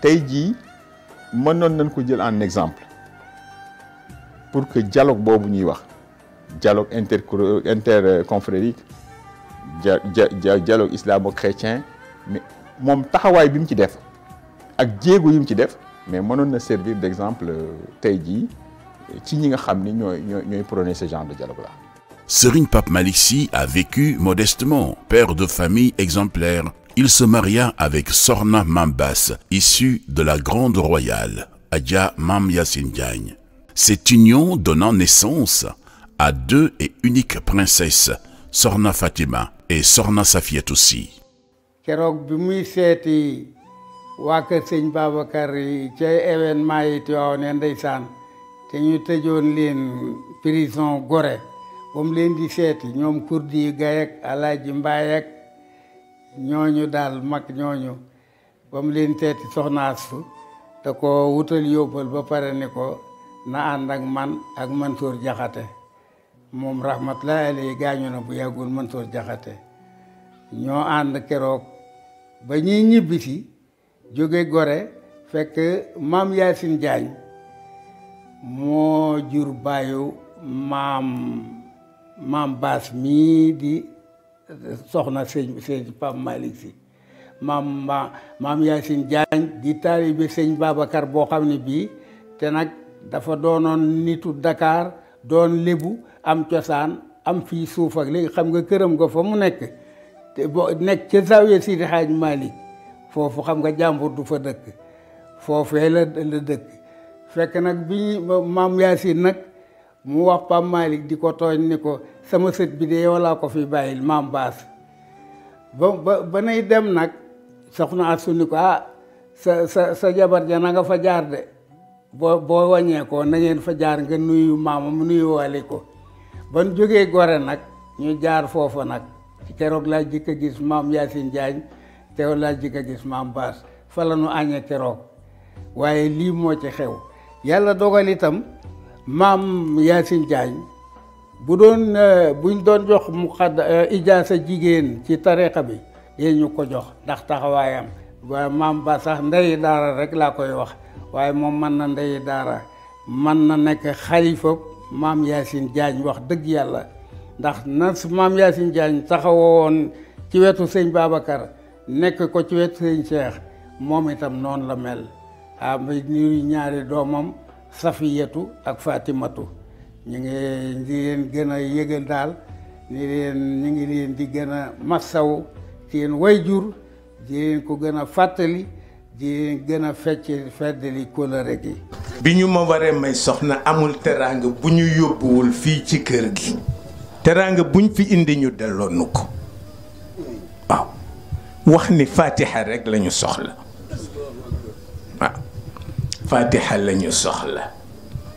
Speaker 1: tey jii nous nañ ko jël en exemple pour que dialogue bobu ñuy wax dialogue inter interconfrérique dialogue islamo-chrétien mais mon taxawaay bi mu ci def ak jéego yi mu ci def mais mënoon na servir d'exemple euh, tey jii ci ñi nga xam ni ñooy ñooy prôner ce genre de dialogue là.
Speaker 7: Serigne Pape Malick a vécu modestement, père de famille exemplaire, il se maria avec Sorna Mambas, issue de la Grande Royale, Adja Mam Mamya Diagne. Cette union donnant naissance à deux et uniques princesses, Sorna Fatima et Sorna Safiat aussi.
Speaker 3: keroog bi muy seeti waa kër sëñ Babacar yi ca événement yi Tiwaawan ne ndeysaan te ñu tëjoon leen prison Gorée ba mu leen di seeti ñoom kurdi yi gay ak Alaaji Mbaay ak ñooñu daal mag ñooñu ba mu leen teeti soxnaas fu te ko wutal yóbbal ba pare ni ko na ànd ak man ak Mansour Jaxate moom rahmatullahi alayhi gaañu na bu yàggul Mansour Jaxate ñoo ànd keroog ba ñuy ñibbisi jóge Gore fekk maam Yaasin Jaañ moo jur baayu maam maam baas mii di soxna sëñ sëñ Pape Malick si maam ma maam Yacine Diagne di taalibe sëñ Babacar boo xam ne bii te nag dafa doonoon nitu Dakar doon lébu am cosaan am fii suufak ak léegi xam nga këram nga fa mu nekk te boo nekk ca zawiya Sidi Hadj Malick foofu xam nga jàmbur du fa dëkk foofee la la dëkk fekk nag bi maam Yacine nag mu wax Pape di ko tooñ ni ko sama sët bi de yow ko fi bàyyil maam baas ba ba nay dem nag soxna Astou ni ko ah sa sa sa jabar ja na nga fa jaar de boo boo wàññeekoo na ngeen fa jaar nga nuyu maamam nuyu wale ko ban jógee gore nag ñu jaar foofa nag ci keroog laa jëkk a gis maam Yacine Diagne te laa jëkk a gis maam Baas fa la nu àññee keroog waaye lii moo ci xew yàlla dogal itam maam Yacine Diagne bu doon eh, buñ doon jox mu xadd eh, ijaasa jigéen ci tariqa bi dee ñu ko jox ndax taxawaayam waaye maam ba sax ndeyi daara rek laa koy wax waaye moom mën na ndeyi daara mën na nekk xalifa maam Yacine Diagne wax dëgg yàlla ndax na maam Yacine Diagne taxawoon ci wetu sëñ Babacar nekk ko ci wetu sëñ Cheikh moom itam noonu la mel ah muy ñaari doomam. safiyatu ak faatimatu ñu ngi leen gën a yëgal daal ñu ngi leen di gën a massaw seen wayjur di leen ko gën a fàttali di leen gën a fecc feddali kóllëre gi bi ñu ma waree may soxna amul teraanga bu ñu
Speaker 6: yóbbuwul fii ci kër gi teraanga buñ fi indi ñu delloo nukk waaw wax ni faatiha rek lañu soxla fatiha la ñu soxla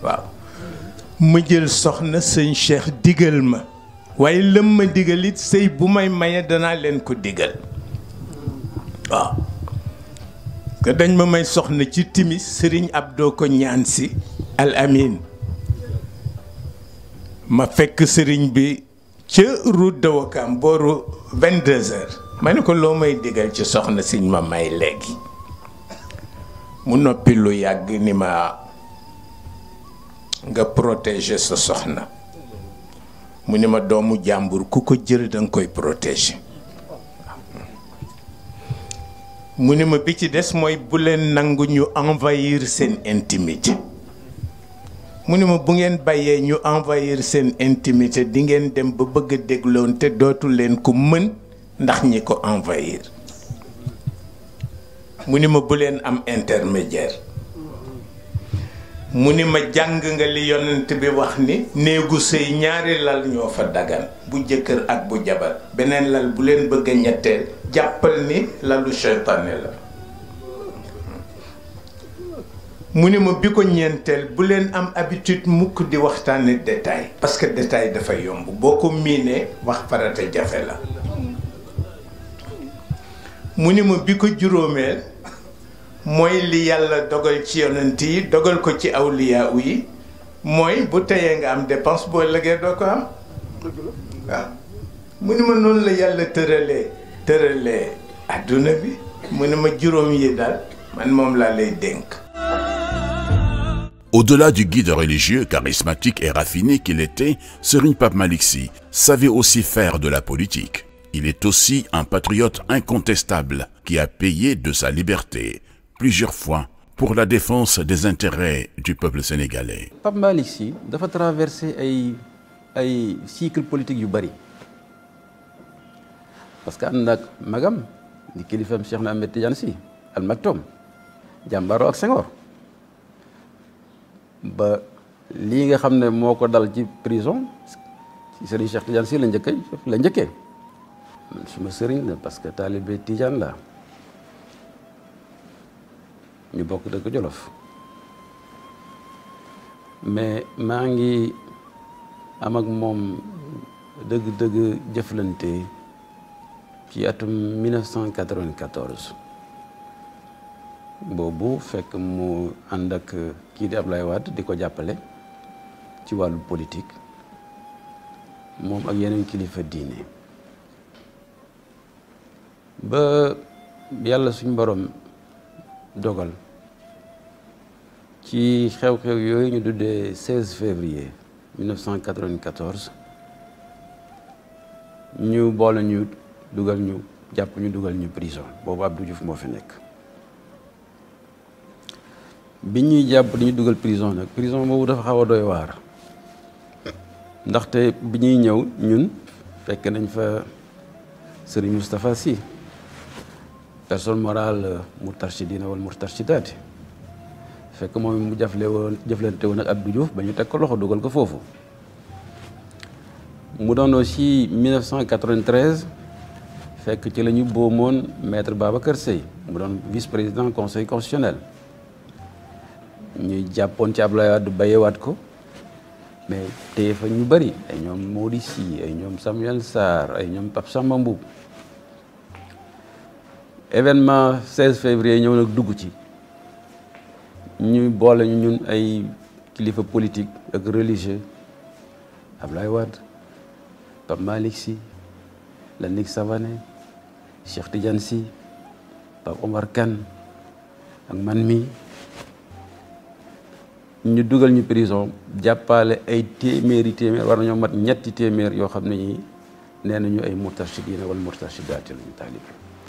Speaker 6: waaw ma jël soxna sëñ Cheikh digal ma waaye lëm ma digal sëy bu may maye danaa leen ko digal waaw dañ ma may soxna ci timis sëriñ Abdoo ko ñaan si alamin ma fekk sëriñ bi ca route de booru 22 heures ma ne ko loo may digal ci soxna siñ ma may léegi mu noppi lu yàgg ni ma nga protéger sa soxna mu ni ma doomu jàmbur ku ko jël danga koy protéger mu ni ma bi ci des mooy buleen leen nangu ñu envahir seen intimité mu ni ma bu ngeen bàyyee ñu envahir seen intimité dingeen dem ba bëgg dégloon te dootu leen ku mën ndax ñi ko envahir mu ni ma buleen am intermédiaire mu ni ma jàng nga li yonent bi wax ni néegu sëy ñaari lal ñoo fa dagan bu jëkkër ak bu jabar beneen lal bu leen bëgg a ñetteel jàppal ni lalu seytaane la mu ni ma bi ko ñeenteel bu leen am habitude mukk di waxtaane détail parce que détail dafa yomb boo ko miinee wax farata jafe la mu ni ma bi ko juróomeel moy li yalla dogal ci yonenti dogal ko ci awliya wi moy bu teye nga am dépense bo lëgee doo ko am waaw ma la yalla terele terele aduna bi mu ma yi dal man mom la lay
Speaker 7: denk Au-delà du guide religieux charismatique et raffiné qu'il était, Serigne Pape Malick savait aussi faire de la politique. Il est aussi un patriote incontestable qui a payé de sa liberté plusieurs fois pour la défense des intérêts du peuple sénégalais.
Speaker 11: Pape Malick Sy dafa traversé ay ay cycle politique yu Bari. parce que ànd magam di kilifam Cheikh na de Tidiane Sy Al Maktoum Jambaro ak Senghor ba li nga xam moko dal ci prison ci Serigne Cheikh Tidiane si la ñëkke la ñëkke. man suma sëriñ parce que talibé Tidiane la ñu bokk ko Jolof mais maa ngi am ak moom dëgg-dëgg jëflante ci atum 1994 boobu fekk mu ànd ak kii di Ablaye Wade di ko jàppale ci wàllu politik moom ak yeneen kilifa diine ba yàlla suñ borom. dogal ci xew-xew yooyu ñu duddee 16 février 1994 ñu boole ñu dugal ñu jàpp ñu dugal ñu prison boobu Abdou Diouf moo fi nekk bi ñuy jàpp di ñu dugal prison nag prison boobu dafa xaw a doy waar ndaxte bi ñuy ñëw ñun fekk nañ fa Serigne Mustapha si. personne morale euh, Moustarchidina wal Moustarchidaati fekk moom mu jafle woon jëflante woon ak Abdou Diouf ba ñu teg ko loxo dugal ko foofu mu doon aussi 1993 fekk ci la ñu boomoon maître Babacar Seye mu doon vice président conseil constitutionnel ñuy jàppoon ci Abdoulaye Wade bayewaat ko mais téye fa ñu bëri ay ñoom Mody ay ñoom Samuel Sarr ay ñoom Pape Samba mbubb événement 16 février ñëw nag dugg ci ñu boole ñu ñun ay kilifa politique ak religieux Ablaye Wade Pape Malick Sy Landing Savané Cheikh Tidiane Sy Pape Omar Kane ak man mi ñu dugal ñu prison jàppale ay téeméeri téeméer war ñoo mat ñetti téeméer yoo xam ne ñi nee nañu ay murtashidiina wala murtashidaati lañu taalibe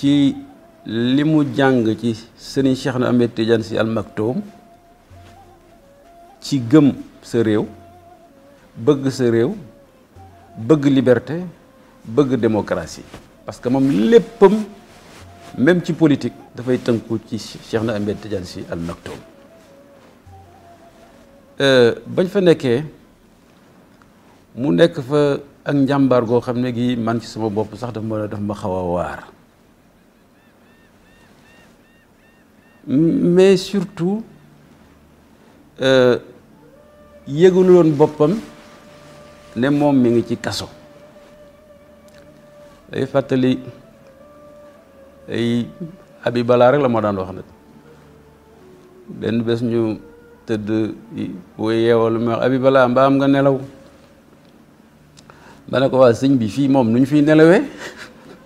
Speaker 11: ci limu jang ci serigne Cheikh na Ahmed Tidiane Sy Al Maktoum ci gëm sa réew bëgg sa réew bëgg liberté bëgg démocratie parce que moom léppam même ci politique dafay tënku ci Cheikh Ahmed Tidiane Sy Al Maktoum euh, bañ fa nekkee mu nekk fa ak njàmbaar goo xam ne gi man ci sama bopp sax daf ma daf ma xaw a waar mais surtout euh, yegul won bopam né mom mi ngi ci kasso ay fatali ay abi rek la mo daan wax nag ben bes ñu teud woy yeewalu ma wax ba am nga nelaw ma ko waa bi fi mom nuñ fi nelawé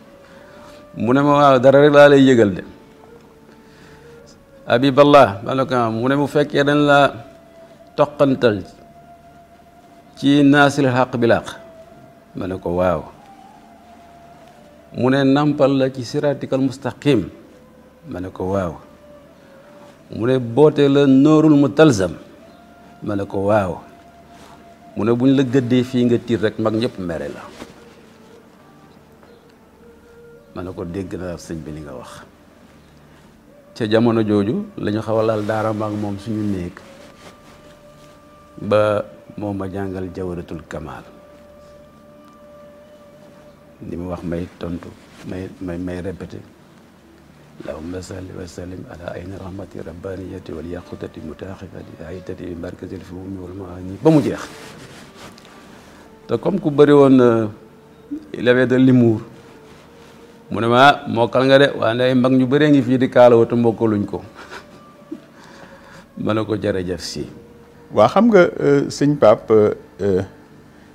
Speaker 11: mu ne ma dara rek la lay yëgal de حبيب الله مالك مو نمو فكرن لا توقنتل تي ناس الحق بلاق مالك واو مو نمبل لا تي سراتك المستقيم مالك واو مو نبوتي لا نور المتلزم مالك واو مو نبون لا غدي في نغتي رك ماك نيب ميري لا مالك ديغ نا سيغ بي ليغا واخ ca jamono jooju lañu xaw a laal daara maak moom suñu néeg ba moom ma jàngal jawaratul kamaal li mu wax may tontu may may may répété allahumma salli wa sallim ala ayni rahmati rabbaniyati wal yaqutati mutaaxifati aytati bi markazil fuhumi wal maani ba mu jeex te comme ku bëri woon euh, il avait de l'humour mu ne ma ah, mokkal nga de waaye nday mag ñu baree ngi fii di kaalawu te mokkaluñ ko ma ne ko jara jërëjëf si
Speaker 1: waa xam nga euh, sëñ Pap euh, euh,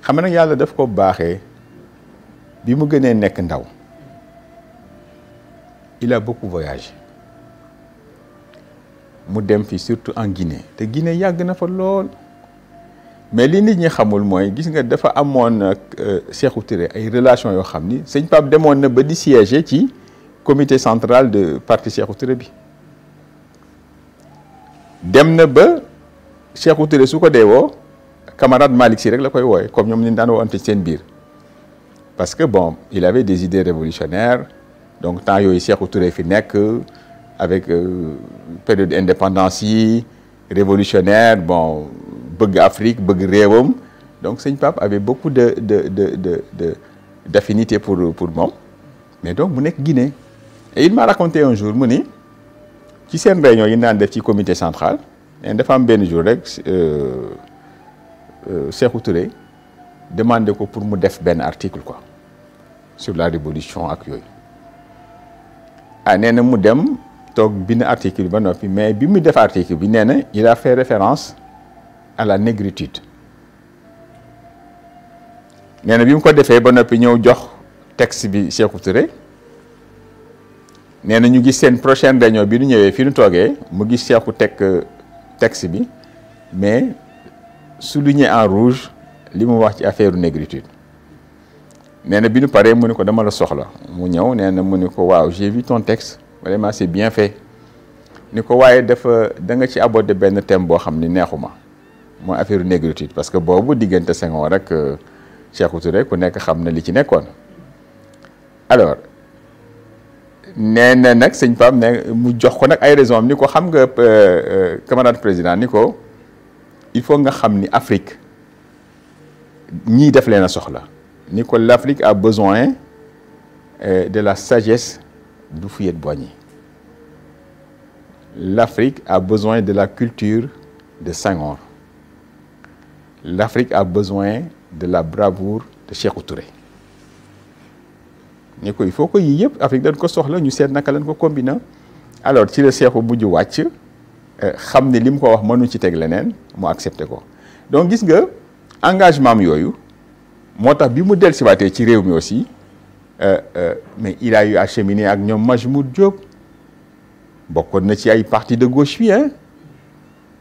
Speaker 1: xam nga nag yàlla def ko baaxee bi mu gënee nekk ndaw il a voyage mu dem fi surtout en Guinée te Guinée yàgg na fa lool mais li nit ñi xamul moy gis nga dafa amone ak Sékou euh, Touré ay relation yo xamni ni Pape demoon na ba di siéger ci comité central de parti Sékou Touré bi dem na ba Sékou Touré suko ko camarade malik Sy rek la koy woy comme ñom ni daan wonte seen biir parce que bon il avait des idées révolutionnaires donc tant yooyu Sékou Touré fi nek avec euh, période indépendance révolutionnaire bon bëgg Afrique bëgg réewam donc sëñ Pape avait beaucoup de de de de de pour pour moi, mais donc mu nekk Guinée et il m'a raconté un jour mu ni ci seen réunion yi naan def ci comité central et dafa am benn jour rek Sékou euh, euh, Touré demandé ko pour mu def un article quoi sur la révolution ak yooyu ah nee na mu dem toog bind article ba mais bi mu def article bi nee il a fait référence à la négritude nee na bi mu ko defee ba noppi ñëw jox texte bi Cheikh Touré nee na ñu gis seen prochaine réunion bi ñu ñëwee fi ñu toogee mu gis Sékou teg euh, texte bi mais souligné en rouge li mu wax ci affaire négritude Néna na bi ñu paree mu ni dama la soxla mu ñew néna na mu ni waaw j'ai vu ton texte vraiment c'est bien fait ni ko waaye dafa da nga ci aborder ben thème bo xamni ni neexuma moy affaire négritude parce que si vous rek cheikh Touré ku li ci alors néna ne seigne Pam ne mu jox ko nak raison euh, euh, camarade président ni il faut nga xam Afrique def ni l'Afrique a besoin euh, de la sagesse boigny l'Afrique a besoin de la culture de Senghor l'Afrique a besoin de la bravoure de Sékou Touré ni ko il faut que yii yëpp Afrique dañ ko soxla ñu seet naka lañ ko combiner alors ci la Sékou mujj wàcc euh, xam ne li mu ko wax mënu ci teg leneen mu accepté ko donc gis nga engagement am yooyu moo tax bi mu dellusiwaatee ci réew mi aussi euh, euh, mais il a eu à cheminer ak ñoom Majmout Diop bokkoon na ci ay parti de gauche hein.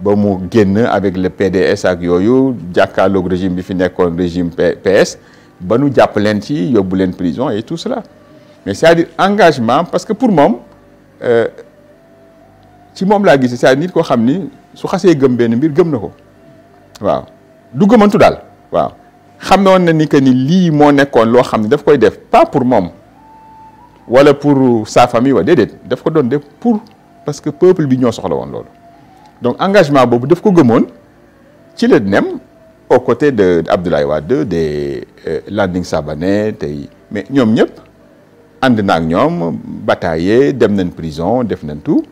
Speaker 1: ba mu génn avec le PDS ak yooyu jàkkaarloog régime bi fi nekkoon régime PS ba nu jàpp leen ci yóbbu leen prison et tout cela mais cest un engagement parce que pour moom euh, ci moom la gisee c'est-à-dire nit koo xam ni su xasee gëm benn mbir gëm na ko waaw du gëmantu daal waaw xam na ni que ni lii moo nekkoon loo xam ne daf koy def pas pour moom wala pour sa famille wa déedéet daf ko doon def pour parce que peuple bi ñoo soxla woon loolu donc engagement boobu daf ko gëmoon ci la nem aux côtés de Abdoulaye Wade des euh, Landing Savané tey mais ñoom ñëpp ànd na ak ñoom bataillé dem nañ prison def nañ tout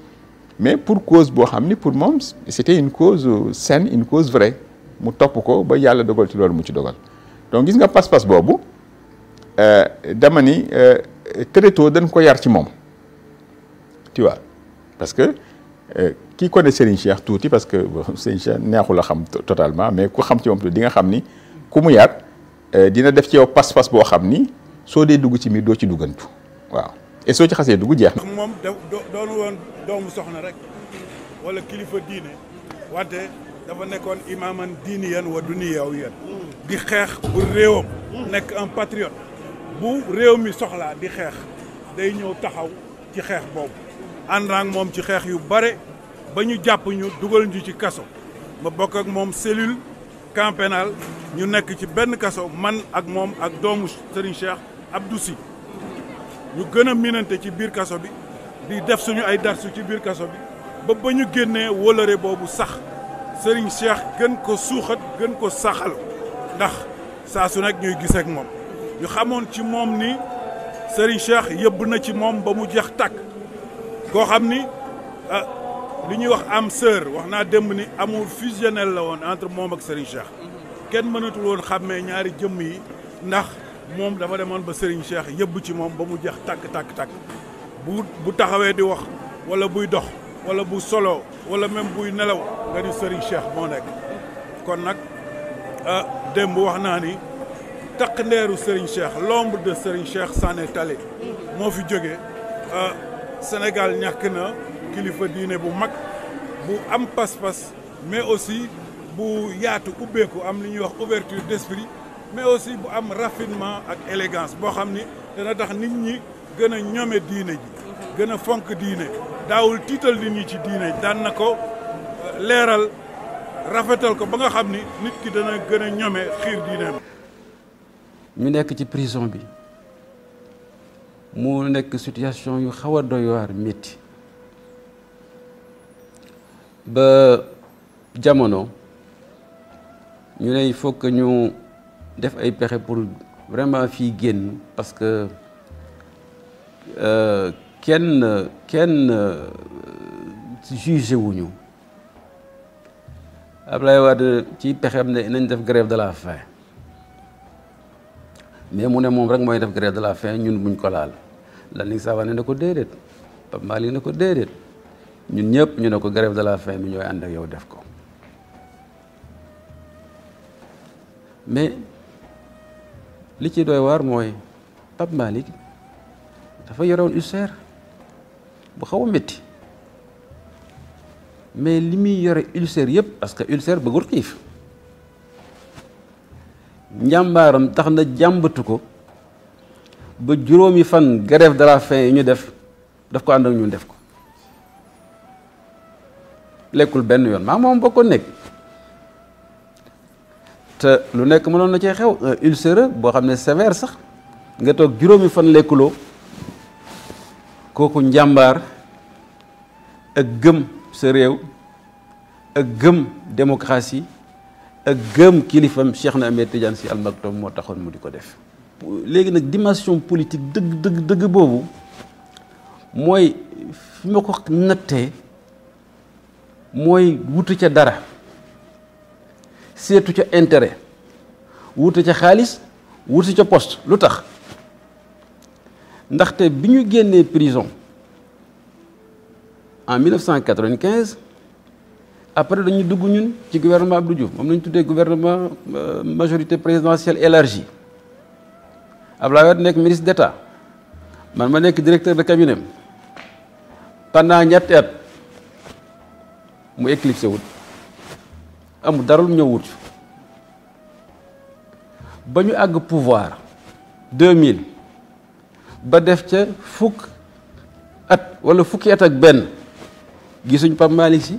Speaker 1: mais pour cause boo xam pour moom c'était une cause saine une cause vraie mu topp ko ba yàlla dogal ci loolu mu ci dogal donc gis nga pas-pas boobu euh, dama ni très euh, tôt dañ ko yar ci tu vois parce que euh, qui connaît Serigne Cheikh parce que Serigne Cheikh ne a xam totalement mais ku xam ci moom di nga xam ni ku yaat euh, dina def ci yow pass pas bo xam ci ci waaw et so ci dugg jeex
Speaker 8: doomu soxna rek wala dafa wa bu un patriote bu mi di day ànd moom ci xeex yu bare ba ñu jàpp ñu dugal ñu ci kaso ma bokk ak moom cellule camp ñu nekk ci benn kaso man ak moom ak doomu Serigne Cheikh Abdou ñu gën a minante ci biir kaso bi di def suñu ay darsu ci biir kaso bi ba ba ñu génnee wóolare boobu sax sëriñ Cheikh gën ko suuxat gën ko saxal ndax saa su nekk ñuy gis ak moom ñu xamoon ci moom ni Serigne Cheikh yëbb na ci moom ba mu jeex tàkk koo xam ni ah li ñuy wax am sœur wax naa démb ni amour fusionnel la woon entre moom ak Serigne Cheikh kenn mënatul woon xàmmee ñaari jëmm yi ndax moom dafa demoon ba Serigne Cheikh yëbb ci moom ba mu jeex tàkk tàkk tàkk bu bu taxawee di wax wala buy dox wala bu solo wala même buy nelaw nga ni Serigne Cheikh moo nekk kon nag ah démb wax ni taq Serigne Cheikh l'ombre de Serigne Cheikh s'en est allé moo fi jógee Sénégal ñàkk na kilifa diine bu mak bu am pas-pas mais aussi bu yaatu ubbeeku am wax ouverture d'esprit mais aussi bu am raffinement ak élégance bo xam ni dana tax nit ñi gën a ñome diine ji gën a fonk diine daawul tiital nit ci diine daan na ko euh, rafetal ko ba nga ni nit ki dana gën a ñome xiir diineem
Speaker 11: nekk ci prison bi c'est situation yu est très difficile. ba jamono il faut que nous pour vraiment faire parce que euh, kenn euh, jugé wuñu grève de la faim mais mu ne moom rek mooy def grève de la faim ñun buñ ko laal la ni Savané ne ko déedéet pap mali ne ko déedéet ñun ñëpp ñu ne ko grève de la faim mi ñooy ànd ak yow def ko mais li ci doy waar mooy pap Malick dafa yorewoon ulcère bu xaw a métti mais li muy yore ulcère yëpp parce que ulcère bëggul xiif njàmbaaram tax na jàmbatu ko ba juróomi fan grève de la yi ñu def daf ko ànd ak ñun def ko lekkul benn yoon maa moom bokkoon nekk te lu nekk mënoon na cee xew ulcéreux boo xam ne sévère sax nga toog juróomi fan lekkuloo kooku njàmbaar ak gëm sa réew ak gëm démocratie ak gëm kilifam Cheikh na Ahmed Tidiane si almaktoum moo taxoon mu di ko def. léegi nag dimension politique dëgg dëgg boobu mooy fi ma ko nattee mooy wutu ca dara seetu ca intérêt wutu ca xaalis wutu ca poste lu tax ndaxte bi ñu génnee prison en 1995. après dañu dugg ñun ci gouvernement Abdou Diouf moom la ñu tuddee gouvernement euh, majorité présidentielle élargie Abdoulaye Wade ministre d'État man ma directeur de cabinet pendant ñetti at mu éclipsé wut Amu dara lu ñëw wut ba ñu le pouvoir 2000 ba def ca fukk at wala fuk yatak ben. benn gisuñ Pape Malick Sy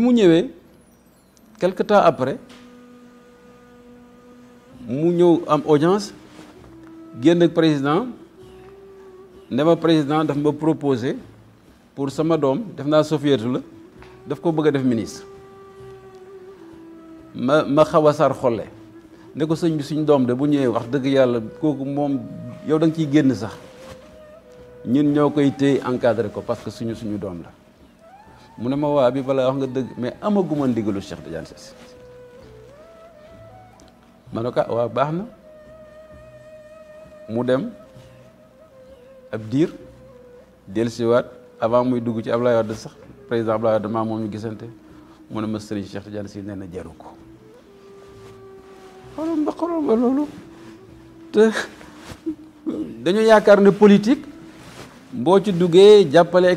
Speaker 11: bi ñëwé quelque temps après mu ñëw am audience génn ak président ne ma président daf ma proposé pour sama doom def naa Sofietu la daf ko bëgg a def ministre ma ma xaw a sar xolle ne ko sëñ bi suñ doom de bu ñëwee wax dëgg yàlla kooku moom yow da nga ciy génn sax ñun ñoo koy téye encadré ko parce que suñu suñu doom la mu ne ma waa bi balaa wax nga dëgg mais amaguma ndigalu Cheikh Tidiane Cissé ma ne ko ah, baax na mu dem ab diir dellusiwaat avant muy dugg ci Ablaye Wade sax président Ablaye Wade maa moom ñu gisante mu ne ma Serigne Cheikh Tidiane Cissé nee na jaru ko dañu yaakaar ne politique boo ci duggee jàppale et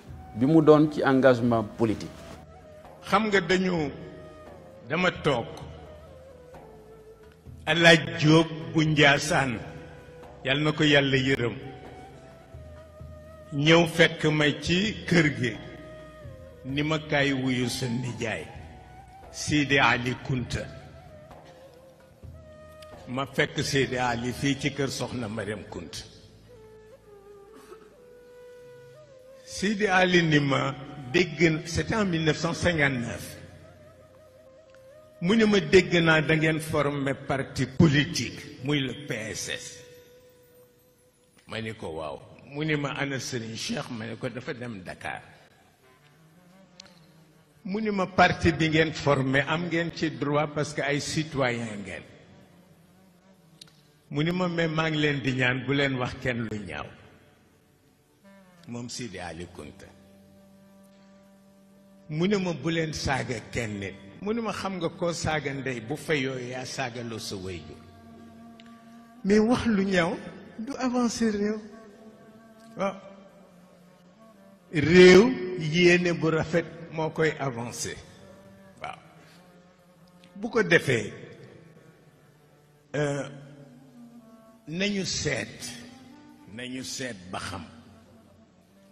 Speaker 11: bi mu doon ci engagement politique.
Speaker 6: xam nga dañu dama toog alaaj jóob bu njaasaan yàlla na ko yàlla yërëm ñëw fekk ma ci kër gi ni ma kaay wuyu sa nijaay Seydi Kunta ma fekk Seydi fii ci kër soxna Mariam Kunta Sidi Ali ni ma dégg c'était en 1959 mu ma dégg naa da ngeen formé parti politique muy le PSS ma ni ko waaw mu ne ma ana Serigne Cheikh ma ne ko dafa dem Dakar mu ma parti bi ngeen formé am ngeen ci droit parce que ay citoyen ngeen mu ne ma mais maa ngi leen di ñaan bu leen wax kenn lu ñaaw moom Sidi Ali Kunta mu ne ma bu leen saaga kenn nit mu ne ma xam nga koo saaga ndey bu fayoo yaa saagaloo sa wayjur mais wax lu ñaw du avancer réew waaw réew yéene bu rafet moo koy avancer waaw bu ko defee euh, nañu seet nañu seet ba xam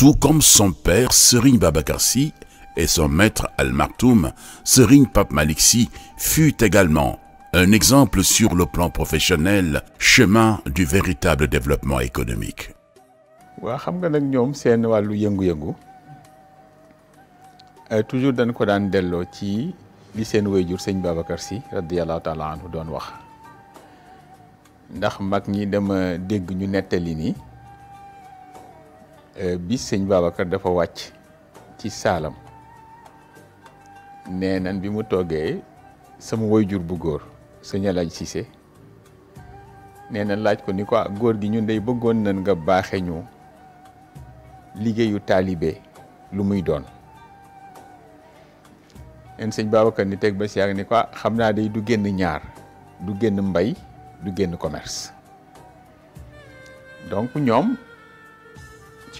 Speaker 7: tout comme son père Serigne Babakarsi et son maître Al-Maktoum, Serigne Pape Maliksi fut également un exemple sur le plan professionnel, chemin du véritable développement économique.
Speaker 1: waa xam nga nag ñoom seen wàllu yëngu-yëngu euh, toujours dañ ko daan delloo ci li seen wayjur sëñ Babacar Sy radiyallahu taala anhu doon wax ndax mag ñi dama euh, dégg ñu nettali ni Euh, bi sëñ Babacar dafa wàcc ci saalam nee nan bi mu toogee sama woy jur bu góor sëñ Alaaji Cissé nee nan laaj ko ni ko ah, góor gi ñun day bëggoon nan nga baaxe ñu liggéeyu taalibe lu muy doon neen sëñ Babacar ni teg ba si yàgg ni ko ah, xam naa day du génn ñaar du génn mbay du génn commerce donc ñoom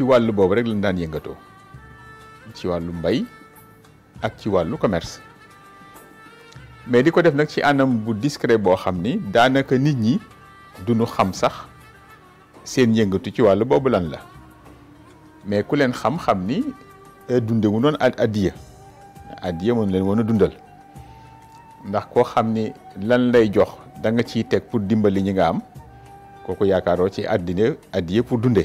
Speaker 1: ci wàllu boobu rek lañ daan yëngatoo ci wàllu mbay ak ci wàllu commerce mais di ko def nag ci anam bu discret boo xam ni daanaka nit ñi duñu xam sax seen yëngatu ci wàllu boobu lan la mais ku leen xam-xam ni euh, dunde wu noonu addiya addiya moom leen woon a dundal ndax koo xam ni lan lay jox da nga ciy teg pour dimbali ñi nga am kooku yaakaaroo ci àddina addiya pour dunde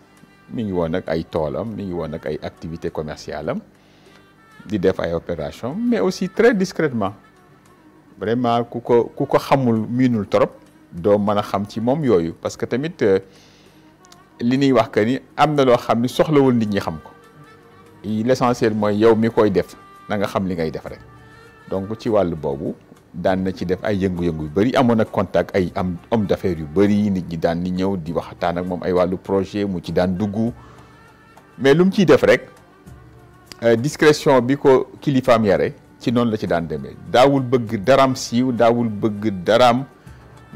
Speaker 1: mi ngi woon ak ay tolam mi ngi woon ak ay activité commerciale di def ay opération mais aussi très discrètement vraiment kuko kuko xamul minul trop do meuna xam ci mom yoyu parce que tamit euh, li ni wax que ni am na loo xam ni soxlawul nit ñi xam ko l'essentiel moy yow mi koy def na nga xam li ngay def rek donc ci walu bobu daan na ci def ay yëngu-yëngu yu bëri amoon ak contact ay am homme yu bëri nit ñi daan ni ñëw di waxtaan moom ay wàllu projet mu ci daan dugg mais lu ciy def rek euh, discrétion bi ko kilifaam yare ci noonu la ci daan demee daawul bëgg daraam siiw daawul bëgg daraam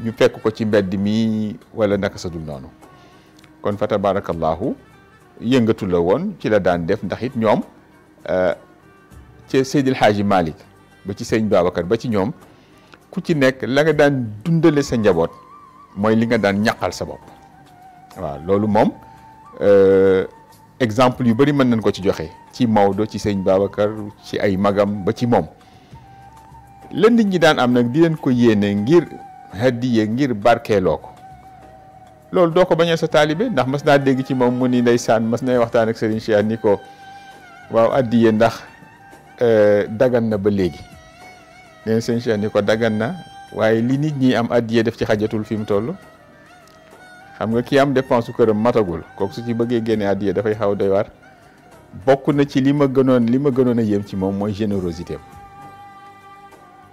Speaker 1: ñu fekk ko ci mbedd mi wala naka sa noonu kon fa tabarakallahu yëngatu la woon ci la daan def ndax it ñoom euh, ca Seydil Haaji Malick ba ci sëñ Babacar ba ci ñoom ku ci nekk la nga daan dundale sa njaboot mooy li nga daan ñaqal sa bopp waaw loolu moom euh, exemple yu bari mën nañ ko ci joxe ci doo ci sëñ Babacar ci ay magam ba ci moom la di ñi daan am nag di leen ko yéene ngir hadiye ngir barkeeloo ko loolu doo ko bañee sa taalibe ndax mës naa dégg ci moom mu ni saan mës nay waxtaan ak Serigne Cheikh ni ko waaw addiye ndax euh, dagan na ba léegi neen sëñ Cheikh ni ko daggan na waaye li nit ñi am addiyee def ci xajatul fi mu toll xam nga kii am dépense su këram matagul kook su ci bëggee génne addiyee dafay xaw day war bokk na ci li ma gënoon li ma gënoon a yéem ci moom mooy générosité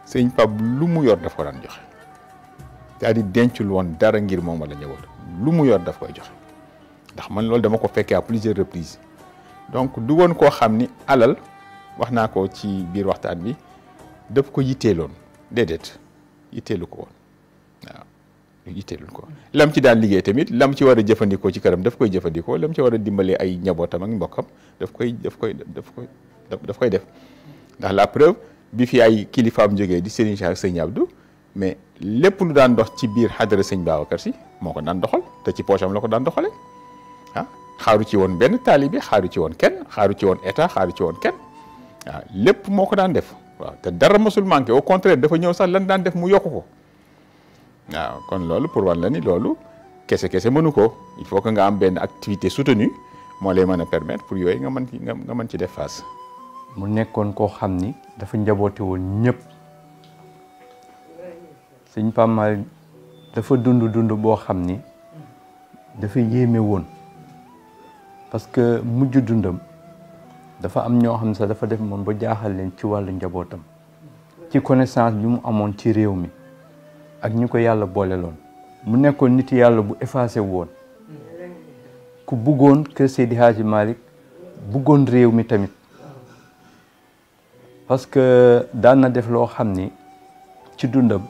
Speaker 1: sëñ Pape lu mu yor daf ko daan joxe daal di dencul woon dara ngir moom wala njaboot lu mu yor daf koy joxe ndax man loolu dama ko fekkee à plusieurs reprises donc du woon koo xam ni alal wax naa ko ci biir waxtaan bi def ko yitteeloon déedéet yitteelu ko woon waaw ko lam ci daan liggéey tamit lam ci war a jëfandikoo ci karam daf koy jëfandikoo lam ci war a dimbalee ay njabootam ak mbokkam daf koy def koy daf koy daf koy def ndax la preuve bi fi ay kilifaam jógee di Serigne Cheikh ak mais lépp lu daan dox ci biir xadara Serigne Babacar Sy moo ko daan doxal te ci poche am la ko daan doxale ah, xaaru ci woon benn taalibe xaaru ci woon kenn xaaru ci woon état xaaru ci woon kenn waaw ah, lépp moo ko daan def waaw te musulman mosul au contraire dafa ñëw sax lan daan def mu yokk ko waaw kon loolu pour wan la ni loolu kese kese mënu ko il faut que nga am benn activité soutenue moo lay mën a
Speaker 12: permettre pour yooyu nga mën ci nga mën ci def face. mu nekkoon koo xam ni dafa njaboote woon ñëpp sëñ Pape Malick dafa dund dund boo xam ni dafa yéeme woon parce que muju dundam. dafa am ñoo xam ne sax dafa def moom ba jaaxal leen ci wàllu njabootam ci connaissance bi mu amoon ci réew mi ak ñi ko yàlla boole loon mu nekkoon nit yàlla bu effacé woon ku buggoon kër Seydi Hadji Malick buggoon réew mi tamit parce que daan na def loo xam ni ci dundam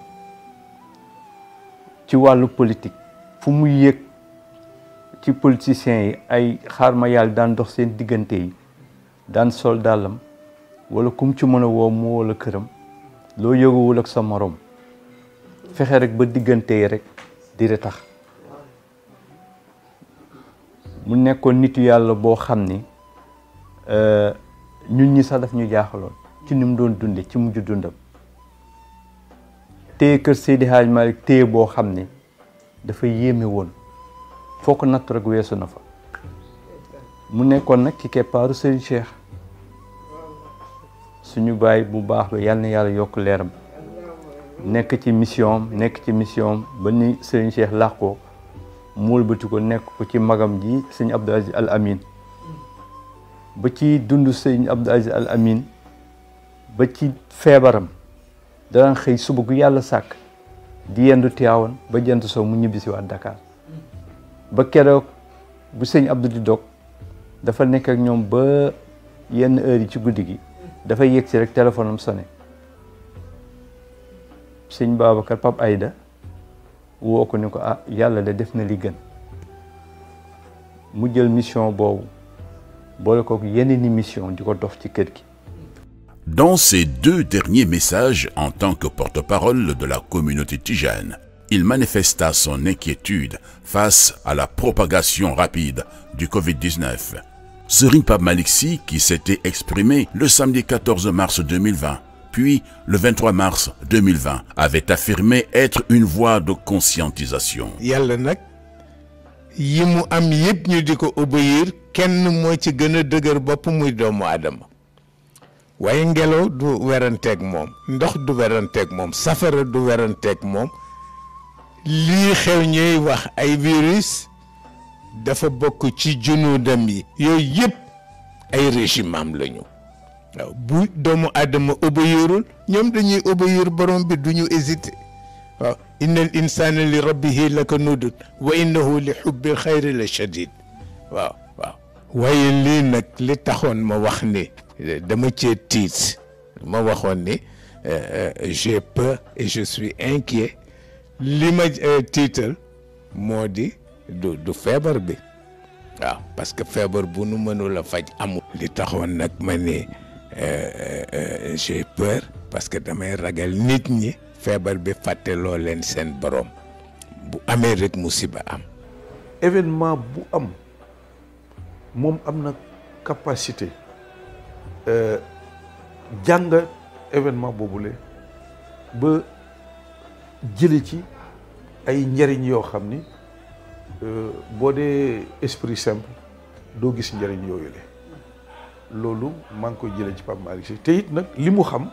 Speaker 12: ci wàllu politique fu mu yëg ci politiciens yi ay xaar ma yàlla daan dox seen diggante yi daan sol dàllam wala kum ci mën a woo mu wala këram loo yëguwul ak sa moroom fexe rek ba diggante yi rek di tax mu nekkoon nitu yàlla boo xam ni euh, ñun ñi sax daf ñu jaaxaloon ci ni mu doon dunde ci mujj dundam téye kër Seydi Hadj Malick téye boo xam ni dafa yéeme woon foo ko natt rek weesu na fa mu nekkoon nag ci keppaaru Serigne Cheikh suñu baay bu baax ba yàlla na yàlla yokk leeram nekk ci mission nekk ci mission ba ni Serigne Cheikh laax ko mu wëlbati ko nekk ko ci magam ji sëñ Abdou Aziz Al Amin ba ci dund sëñ Abdou Aziz Al Amin ba ci feebaram daan xëy suba gu yàlla sàkk di yendu Tiwaawan ba jant soo mu ñibbisi waat Dakar ba keroog bu sëñ Abdou di dog dafa nekk ak ñoom ba yenn heure yi ci guddi gi dafay yegg si rek téléphone am sonné sëñ Babacar Pape Aïda woo ko ni ko ah yàlla de def na li gën mu jël mission boobu boole kook yeneen i mission di ko ci kër gi.
Speaker 7: Dans ces deux derniers messages en tant que porte-parole de la communauté tijane, il manifesta son inquiétude face à la propagation rapide du Covid-19. Serine Pab Maliksi qui s'était exprimé le samedi 14 mars 2020 puis le 23 mars 2020 avait affirmé être une voie de conscientisation.
Speaker 6: yàlla qui yi mu am yëpp ñu di ko obéir kenn moo ci gën a dëgër bopp muy doomu aadama waaye ngelaw du weranteeg moom ndox du weranteeg moom safara du weranteeg moom lii xew ñuy wax ay virus dafa bokk ci junuudam yi yooyu yëpp ay régime am lañu waaw bu doomu aadama obéirul ñoom dañuy obéir borom bi duñu hésiter waaw inna al insana li rabbihi lakanud wa innahu li xubbi xayri la shadid waaw waaw waaye lii nag li taxoon ma wax ni dama cee tiit ma waxoon ni j'ai peur et je suis inquiet li ma tiital moo di du du feebar bi waaw parce que feebar bu nu mënul la faj amul. li taxoon nag ma ne euh, euh, euh, j'ai peur parce que damay ragal nit ñi. feebar bi fàtteloo leen seen borom bu amee rek musiba am.
Speaker 9: événement bu am moom am na capacité jàngat événement boobule ba jële ci ay njariñ yoo xam ni. Euh, boo dee esprit simple doo gis njëriñ yooyu le loolu maa ngi koy jëlee ci pam Malick Sy te it nag li mu xam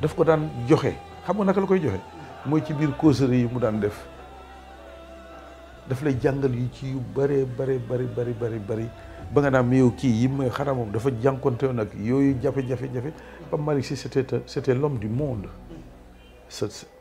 Speaker 9: daf ko daan joxe xam nga naka la koy joxe mooy ci biir causerie yi mu daan def daf lay jàngal yu ci yu bare bare bari bari bari bari ba nga naan yow kii yi mooy xanaa moom dafa jànkonte nag yooyu jafe-jafe jafe Pape Malick Sy c'était c'était l'homme du monde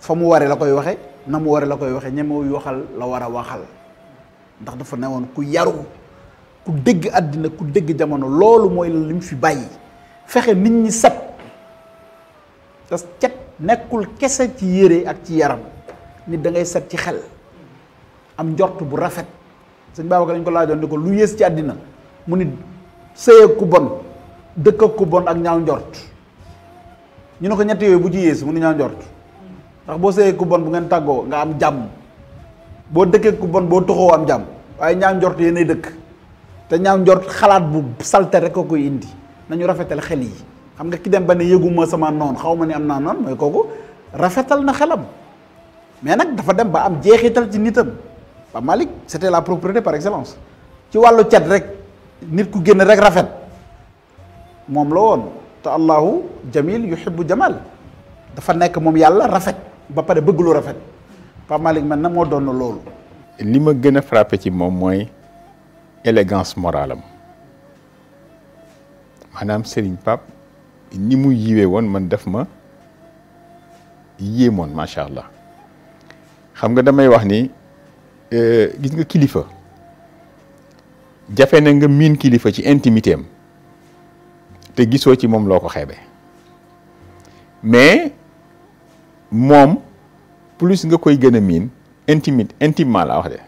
Speaker 2: fa mu waree la koy waxe na mu waree la koy waxe ñemewu waxal la war a waxal ndax dafa newoon ku yaru ku dégg àddina ku dégg jamono loolu mooy li fi bàyyi fexe nit ñi set te cet nekkul kese ci yére ak ci yaram nit dangay set ci xel am njort bu rafet sëñ Babacar dañ ko laajoon ni ko lu yées ci àddina mu nit sëy ku bon dëkk ku bon ak ñaaw njort ñu ne ko ñett yooyu bu ci yées mu ni ñaaw njort ndax bo sey ku bon bu ngeen tàggoo nga am jam bo ku bon bo toxo am jam. waye ñaan jort yéenay dekk te ñaan jort xalaat bu salté rek ko koy indi nañu rafetal xel yi xam nga ki dem ba ne yeguma sama non. xawma ni am na non moy koku rafetal na xelam mais nak dafa dem ba am jeexital ci nitam ba malik c'était la propriété par excellence ci walu cet rek nit ku genn rek rafet mom la won ta allahu jamil yuhibbu jamal dafa nekk moom yàlla rafet ba pare bëgg lu rafet Pape Malick man na moo doon loolu.
Speaker 1: li ma gën a frappé ci moom mooy élégance morale am maanaam Serigne Pape ni mu yiwee woon man def ma yéemoon macha allah xam nga damay wax ni euh, gis nga kilifa jafe na nga miin kilifa ci intimité te gisoo ci moom loo ko xeebe mais. mom plus nga koy gëna min miin intimement la wax de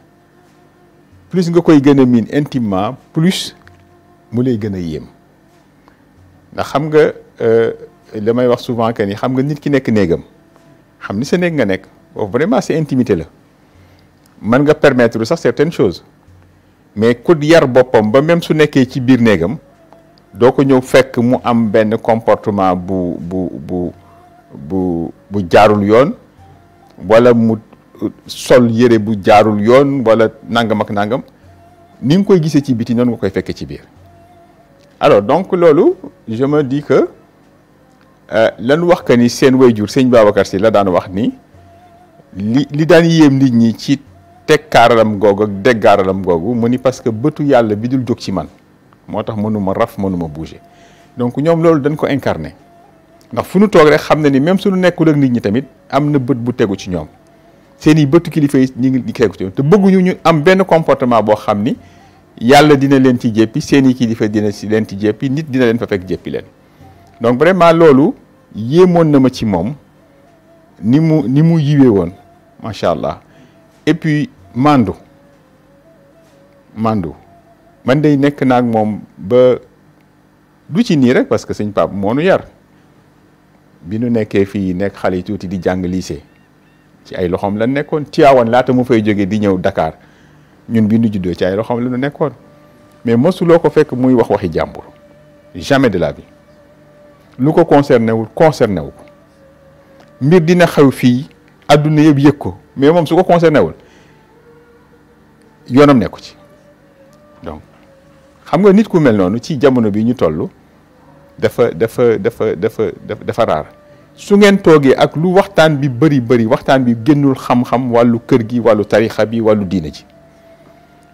Speaker 1: plus nga koy gëna min intimement plus mu lay gën a ndax xam nga euh damay wax souvent que ni xam nga nit ki nek néegam xam ni sa nek nga nek oh, vraiment c'est intimité la man nga permettre sax certaines choses mais ko yar bopam ba même su nekkee ci bir néegam doo ko ñëw fekk mu am ben comportement bu bu bu bu jaarul wala mu sol yere bu wala nangam ak nangam biti alors donc je me dis que euh, lan wax que ni seen wayjur sëñ Babacar si la daan wax ni li li daan yéem nit ñi ci googu ak parce que bëtu yàlla bi dul ci man raf bouger donc dañ incarné ndax fu nu toog rek xam na ni même suñu nekkul ak nit ñi tamit am na bët bu tegu ci ñoom seen i bëtu kilifa ñu ngi tegu te bëgguñu ñu am benn comportement boo xam ni yàlla dina leen ci jéppi seen i kilifa si leen ci jéppi nit dina leen fa fekk jéppi leen donc vraiment loolu yéemoon na ma ci moom ni mu ni mu yiwee woon macha allah et puis mandu mandu man day nekk naag moom ba du ci nii rek parce que sëñ Pape moo nu yar. bi nekké fi fii nekk xale tuuti di jang lycée ci ay loxom la nekkon Tivaouane laata mu fay joggé di ñew Dakar ñun bi jiddo ci ay loxom la nu nekkoon mais mosuloo ko fekk muy wax waxi jambour jamais de la vie lu ko concerné wul concerné wu mbir dina xew fi aduna yëpp yekko mais mom su ko concerné wul yonam nekku ci donc xam nga nit ku mel nonu ci jamono bi ñu tollu dafa dafa dafa dafa dafa raar su ngeen toogee ak lu waxtaan bi bëri bëri waxtaan bi génnul xam-xam wàllu kër gi wàllu tarixa bi wàllu diina ci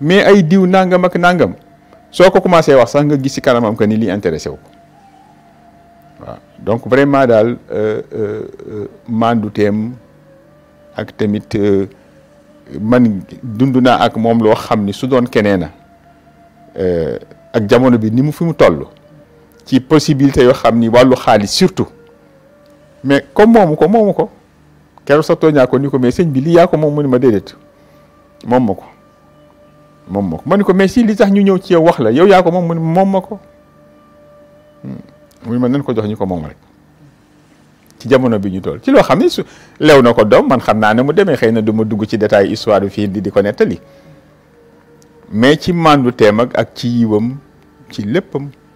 Speaker 1: mais ay diw nangam ak nangam soo ko commencé wax sax nga gis ci kanamam que ni lii intéressé wu ko waaw donc vraiment daal euh, euh, euh, manduteem ak tamit man dund naa ak moom loo xam ni su doon kenee na ak jamono bi ni mu fi mu toll ci possibilité yo xamni walu wàllu surtout mais comme comment ko moomu ko keroog mais señ bi li yako ko ma mais si li tax ñu ñëw ci yow wax la yow yako mom moom man hmm. je ko jox rek ci bi ñu ci ne lew man ne mu pas xeyna de dugg ci détail histoire fi di ko mais ci ci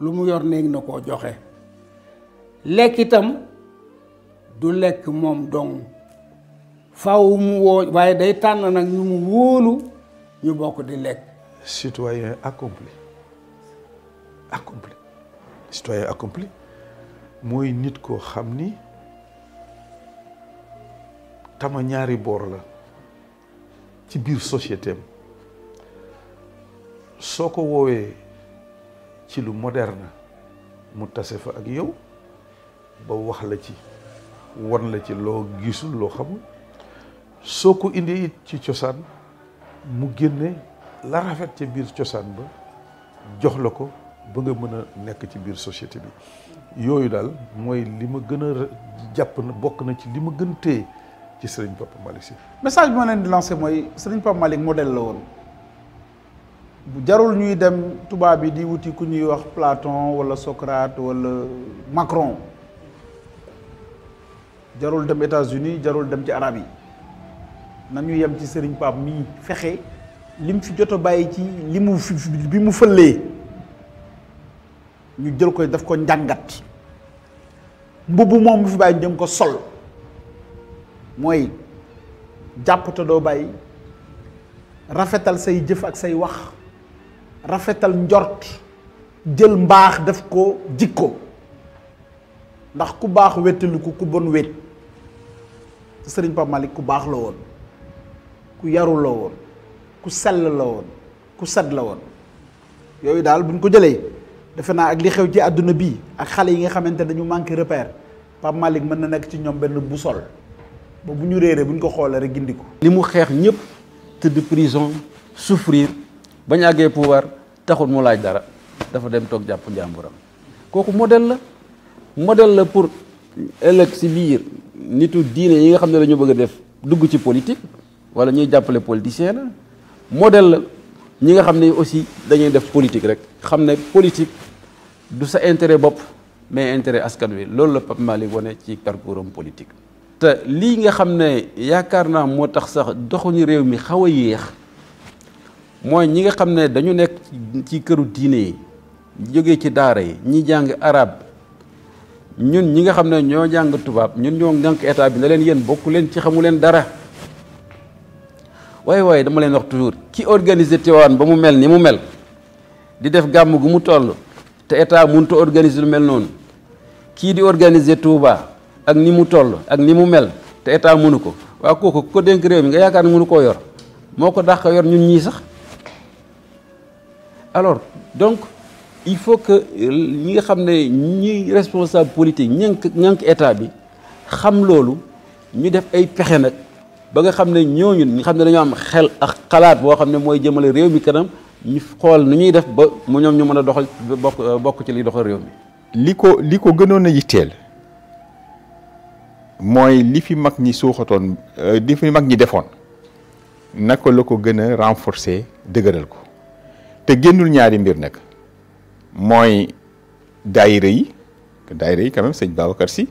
Speaker 3: lu mu yor néeg na koo joxe lekk itam du lekk moom dong faw woo waaye day tànn nag ñu mu wóolu ñu bokk di lekk
Speaker 9: citoyen accompli accompli citoyen accompli mooy nit koo xam ni tama ñaari boor la ci biir société soo ko woowee ci lu moderne mu tase fa ak yow ba wax la ci won la ci loo gisul loo xamul soo ko indee it ci cosaan mu génne la rafet ca biir cosaan ba jox la ko ba nga mën a nekk ci biir société bi yooyu daal mooy li ma gën a jàpp na bokk
Speaker 2: na ci li ma gën téye ci Serigne Papa Malick si message bi ma leen di lancé mooy Serigne Papa Malick modèle la woon bu jarul ñuy dem tuba bi di wuti ku ñuy wax Platon wala Socrate wala Macron jarul dem États-Unis jarul dem ci arabie nañu yam ci Serigne pap mi fexé Lim fi joto a ci limu fi bi mu feulé ñu jël koy daf ko njàngat mbubb mom fi bàyyi dem ko sol moy jàpp do doo rafetal say jëf ak say wax rafetal njort jël mbaax def ko jikko ndax ku baax wettaliku ku bon wet sëriñ Pape Malick ku baax la woon ku yaru la woon ku sell la woon ku set la woon yooyu daal buñ ko jëlee defe naa ak li xew ci àdduna bi ak xale yi nga xamante dañu manqué repère Pape Malick mën na nekk ci ñoom benn bu boussole ba bu ñu réeree bu ñu ko xoolee rek gindi ko. li mu xeex ñëpp tëdd prison
Speaker 11: souffrir. bañ àggee pouvoir taxul mu laaj dara dafa dem toog jàpp njàmburam kooku model la modèle la pour ëllëg si biir nitu diine yi nga xam ne dañu bëgg a def dugg ci politique wala ñuy jàppale politicien la modèle la ñi nga xam ne aussi dañuy def politique rek xam ne politique du sa intérêt bopp mais intérêt askan wi loolu la Pape Malick ci parcours am politique te lii nga xam ne yaakaar naa moo tax sax doxuñu réew mi xaw a yéex mooy ñi nga xam ne dañu nekk ci këru diine yi ci daara ñi arab ñun ñi nga xam ne jang jàng tubaab ñun ñoo ngànk état bi na leen yéen bokku leen ci xamu leen dara waaye waaye dama leen wax toujours ki organiser Tiwaawan ba mu mel ni mu mel di def gàmm gu mu toll te état mënut a organiser mel non, ki di organiser Touba ak ni mu toll ak ni mu mel te état mënu ko waa kooku ko dénk réew mi nga yaakaar mënu koo yor moo ko yor ñun sax alors donc il faut que ñi nga xam responsable politique ñank ñank état bi xam loolu ñu def ay pexe nag ba nga xamné ñoo ñun ñi xam ne am xel ak xalaat bo xamné moy mooy réew mi kanam ñu xol nu ñuy def ba mu ñom ñu mëna doxal bokk bokk ci li doxal réew mi.
Speaker 1: liko liko li ko gënoon a li fi mag ñi soxaton euh, li fi mag ñi defoon naka la ko gën a renforcer degeural ko. te génnul ñaari mbir nag mooy daayira yi daayira yi quand même sëñ Babacar Sy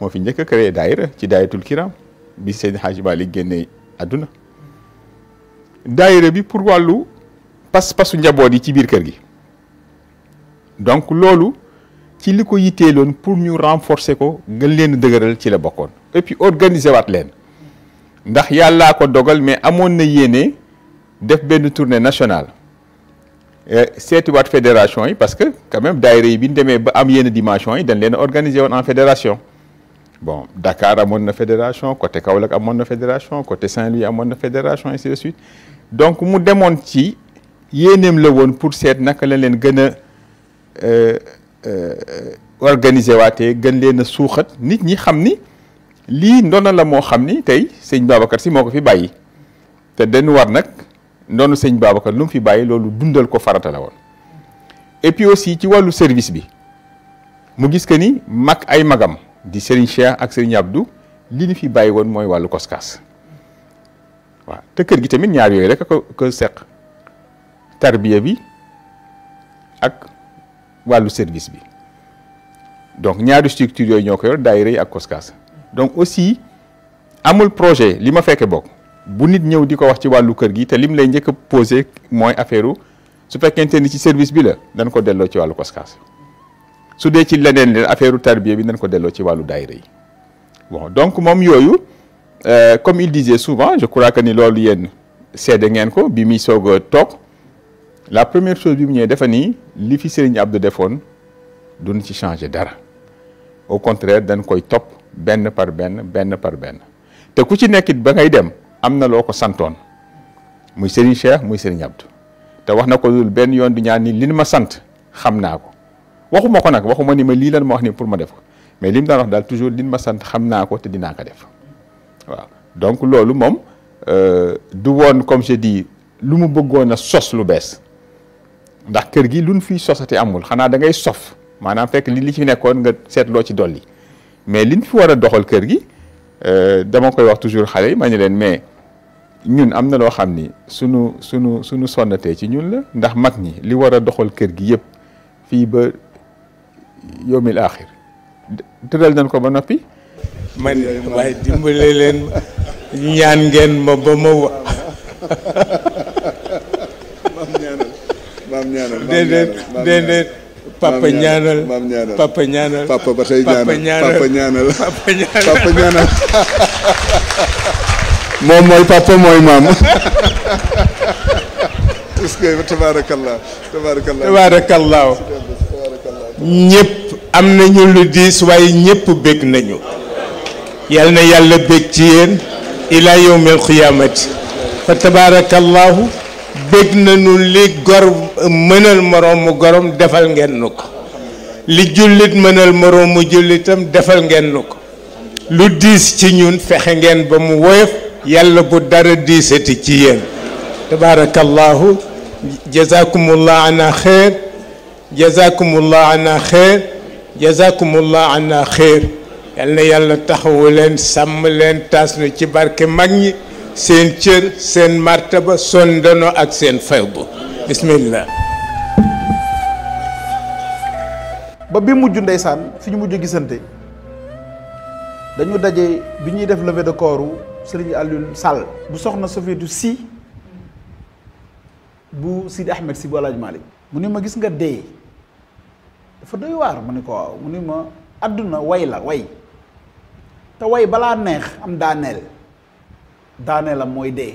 Speaker 1: moo fi njëkk a créé daayira ci daayatul kiram bi sëñ Hadji li génne àdduna daayira bi pour wàllu pas-pasu njaboot yi ci biir kër gi donc loolu ci li ko yitteeloon pour ñu renforcer ko gën leen dëgëral ci la bokkoon et organiser waat leen ndax yàllaa ko dogal mais amoon na yéene def benn tournée nationale Euh, seetuwaat fédération parce que quand même daayira yi bi ñu demee ba am yenn dimension yi dañ leen organiser en fédération bon Dakar amoon na fédération côté Kaolack amoon na fédération côté Saint-Louis amoon na fédération ainsi de suite donc mu demoon ci yéeneem le woon pour cette naka la leen euh, a euh, organiser waatee gën leen nit ñi xam ni lii la mo xam tay tey sëñ Babacar si moo ko fi bàyyi te dañu war c'est une Babacar lu fi bàyyi loolu dundal ko farata la woon et puis aussi ci le service bi mu gis que ni mag ay magam di Serigne Cheikh ak Serigne Abdou li ñu fi bàyyi woon mooy wàllu koskas wa te kër gi tamit ñaar yooyu rek ko ko seq tarbiya bi ak wàllu service bi donc ñaari structure yooyu ñoo dairey ak koskas donc aussi amul projet li ma que bokk bu nit ñëw diko wax ci walu kër gi te lim lay ñëk a posé mooy affaire su fekkente ni ci service bi la dañ ko delloo ci walu koskas su dé ci leneen leen affaireu tarbiya bi dañ ko delloo ci walu daayira yi bon donc mom yoyu euh comme il disait souvent je crois que ni loolu yéen seede ngeen ko bi mi sogo a la première chose bi mu ñëwee dafa ni li fi Serigne Abdou defoon duñ ci changer dara au contraire dañ koy top ben par ben ben par ben te ku ci nekkit ba ngay dem. amna loko santone muy Serigne Cheikh muy Serigne Abdou te wax na ko dul ben yon di ñaan ni li ma sante xamna ko waxuma ko nak waxuma ni ma li lan ma wax ni pour ma def ko mais lim da wax dal toujours li ma sante xamna ko te dina ka def wa donc lolu mom euh du won comme je dis lu mu beggona sos lu bes ndax keur gi luñ fi sosati amul xana da ngay sof manam fek li li ci nekkoon nga seetloo ci doli mais liñ fi wara doxal keur gi. dama koy wax toujours xale yi ma ne leen mais ñun amna lo xamni sunu sunu sunu sonnaté ci ñun la ndax mag ñi li wara doxal kër gi yëpp fi ba yomil akhir tëral nañ ko ba nopi
Speaker 6: man way dimbale leen ñaan ngeen ma ba ma wa.
Speaker 8: mam ñaanal mam ñaanal déedéet déedéet. papa
Speaker 6: ñaanal papa ñaanal papa ba tey ñaanal papa ñaanal papa ñaanal
Speaker 10: moom mooy papa mooy maam.
Speaker 9: est-ce que tabaarakallah tabaarakallah
Speaker 6: tabaarakallah ñëpp am lu diis waaye ñëpp bég nañu. yal na yàlla bég ci yéen. ila yawmil qiyaamati. fa tabaarakallahu bëgg nañu li gor mënal moroomu gorom defal ngeen nu ko li jullit mënal moroomu jullitam defal ngeen nu ko lu diis ci ñun fexe ngeen ba mu woyof yàlla bu dara diisati ci yéen tabarakallahu jazakumullah ana xeer jazakumullah ana xeer jazakumullah ana xeer yal na yàlla taxawu leen sàmm leen taas na ci barke mag ñi seen cër seen martaba dono ak seen faybu bismillah
Speaker 2: ba bi mujj ndaysan fiñu ñu gisante dañu daje biñuy def levé de corps Serigne Alioune sal bu soxna Si bu sid Ahmed Si bolaj Malik muni ma gis nga dé dafa doy war muni ko muni ma aduna way la way ta way bala neex am daaneel daaneelam moy dee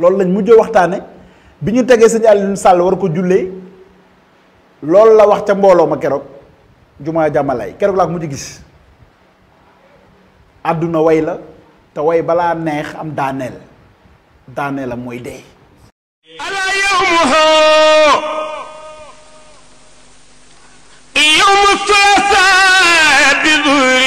Speaker 2: loolu lañ mujjé waxtané biñu téggé señ sëñ ñu Sall war ko jullé loolu la wax ca mbolo ma kérok juma jamalay kérok la ko mujjé gis aduna way la te way bala neex am daaneel daaneelam moy
Speaker 5: dee ala yawmuhu yawmu thulatha bi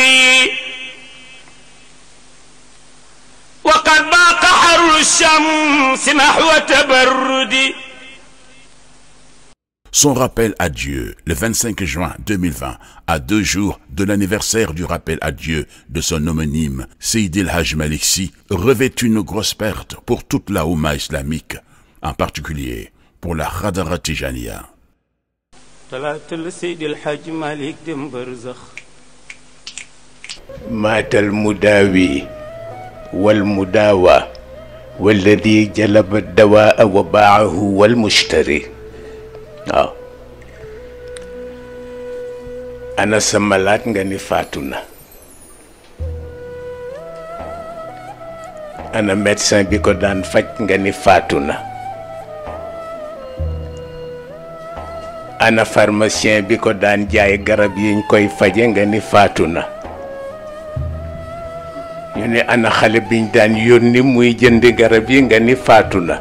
Speaker 7: Son rappel à Dieu, le 25 juin 2020, à deux jours de l'anniversaire du rappel à Dieu de son homonyme, Seydil Haj Maliksi, revêt une grosse perte pour toute la Ouma islamique, en particulier pour la Khadara
Speaker 6: walladi jalaba dawaa wa baahu wal mushtari waaw ana sa malaat nga ni faatu na ana médecin bi ko daan faj nga ni faatu na ana pharmacien bi ko daan jaay garab yiñ koy faje nga ni faatu na ne ana xale biñ daan yónni muy jëndi garab yi nga ni faatu na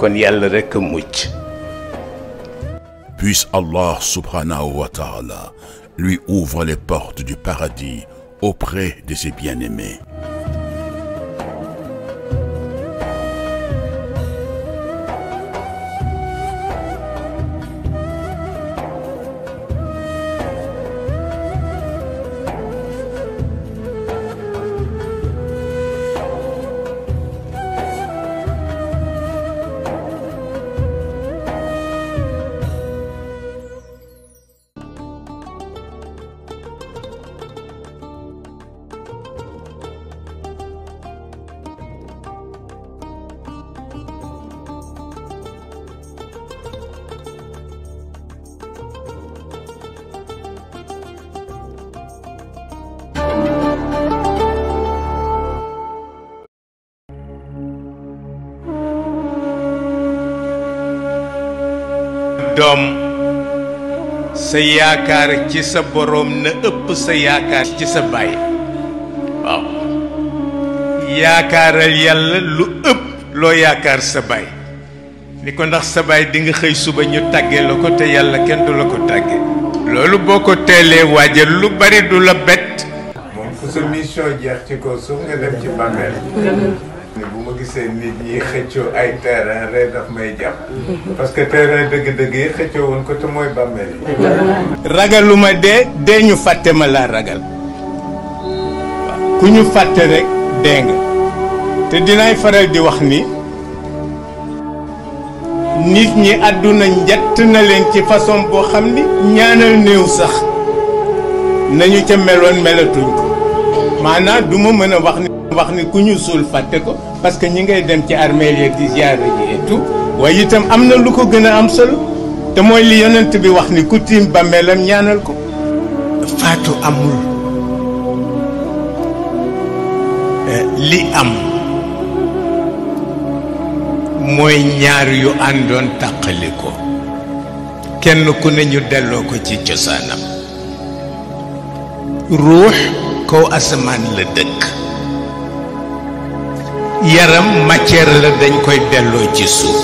Speaker 6: kon yàlla rek a
Speaker 7: mucc Puisse Allah subhanahu wa ta'ala lui ouvre les portes du paradis auprès de ses bien-aimés.
Speaker 6: sa yaakaar ci sa boroom na ëpp sa yaakaar ci sa baay waaw yaakaaral yàlla lu ëpp loo yaakaar sa baay ni ko ndax sa baay di xëy suba ñu tàggee la ko te yàlla kenn du la ko tàggee loolu boo ko teelee waajal lu bari du la bett moom fu sa mission jeex ci ko suuf nga ci bàmmeel seen nit ñi xëccoo ay terrain rek daf may jàpp. parce que terrain dëgg-dëgg yi xëccoo woon ko te mooy bàmmeel yi. ragaluma dee dee ñu fàtte ma laa ragal ku ñu fàtte rek dee te dinaay faral di wax ni nit ñi àdduna njatt na leen ci façon boo xam ni ñaanal néew sax nañu ca meloon melatuñ ko maanaam du mën a wax ni wax ni ku ñu suul fàtte ko parce que ñi ngay dem ci armeel yi di ziyaare ji et tout waaye itam am na lu ko gën a am solo te mooy li yonent bi wax ni ku tiim bàmmeelam ñaanal ko faatu amul eh, li am mooy ñaar yu àndoon tàqali ko kenn ku ne delloo ko ci cosaanam ruux kaw asamaan la dëkk yaram matière la dañ koy delloo ci suuf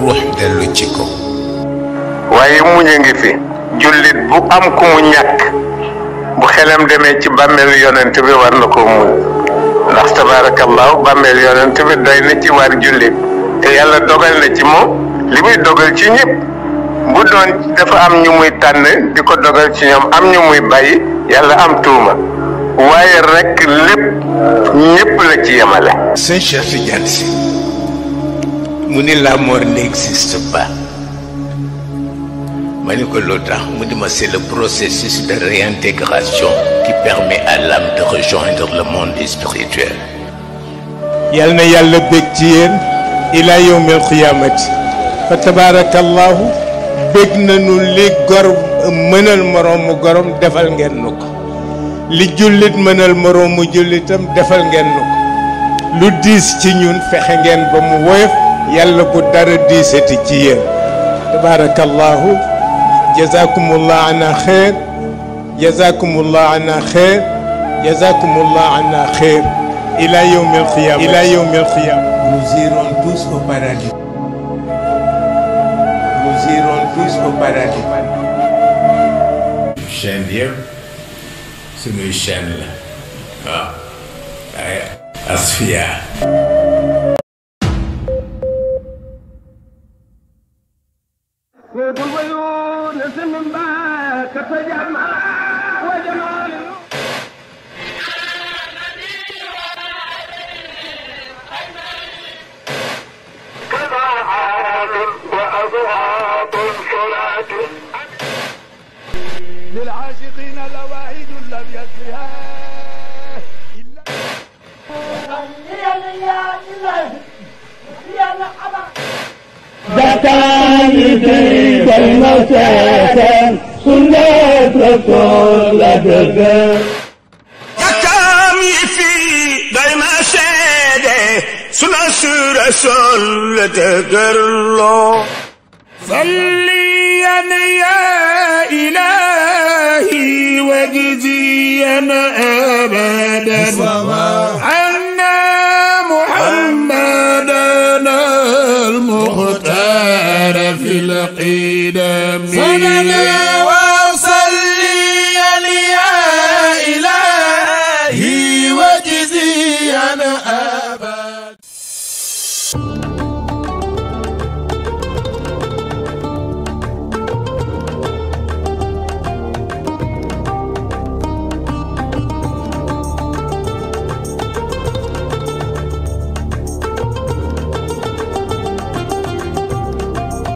Speaker 6: ruux delloo ci ko waaye muñ a ngi fi jullit bu am ku mu ñàkk bu xelam demee ci bàmmeelu yonent bi war na ko muñ ndax tabaarakallaahu bàmmeelu yonent bi doy na ci war jullit te yàlla dogal na ci moom li muy dogal ci ñëpp bu doon dafa am ñu muy tànn di ko dogal ci ñoom am ñu muy bàyyi yàlla am tuuma waaye rek lépp ñépp la ci yemale. Sëñ Cheikh Tidiane Sy mu ni la mort n'existe pas ma ni ko loo tax mu di ma c'est le processus de réintégration qui permet à l'âme de rejoindre le monde spirituel. yàlla na yàlla bég ci yéen ilaa yawmil xiyaamati fa tabaarakallaahu bég nañu li gor mënal moroomu gorom defal ngeen nu ko li jullit mënal moroomu jullitam defal ngeen nu ko lu diis ci ñun fexe ngeen ba mu woyof yàlla bu dara diisati ci yéen tabarakallahu jazakumullah ana xeer jazakumullah ana xeer jazakumullah ana xeer ila yawmi alqiyam ila yawmi alqiyam nous irons tous au paradis nous irons tous au paradis j'aime suñuy chaîne la waaw waaye asfiya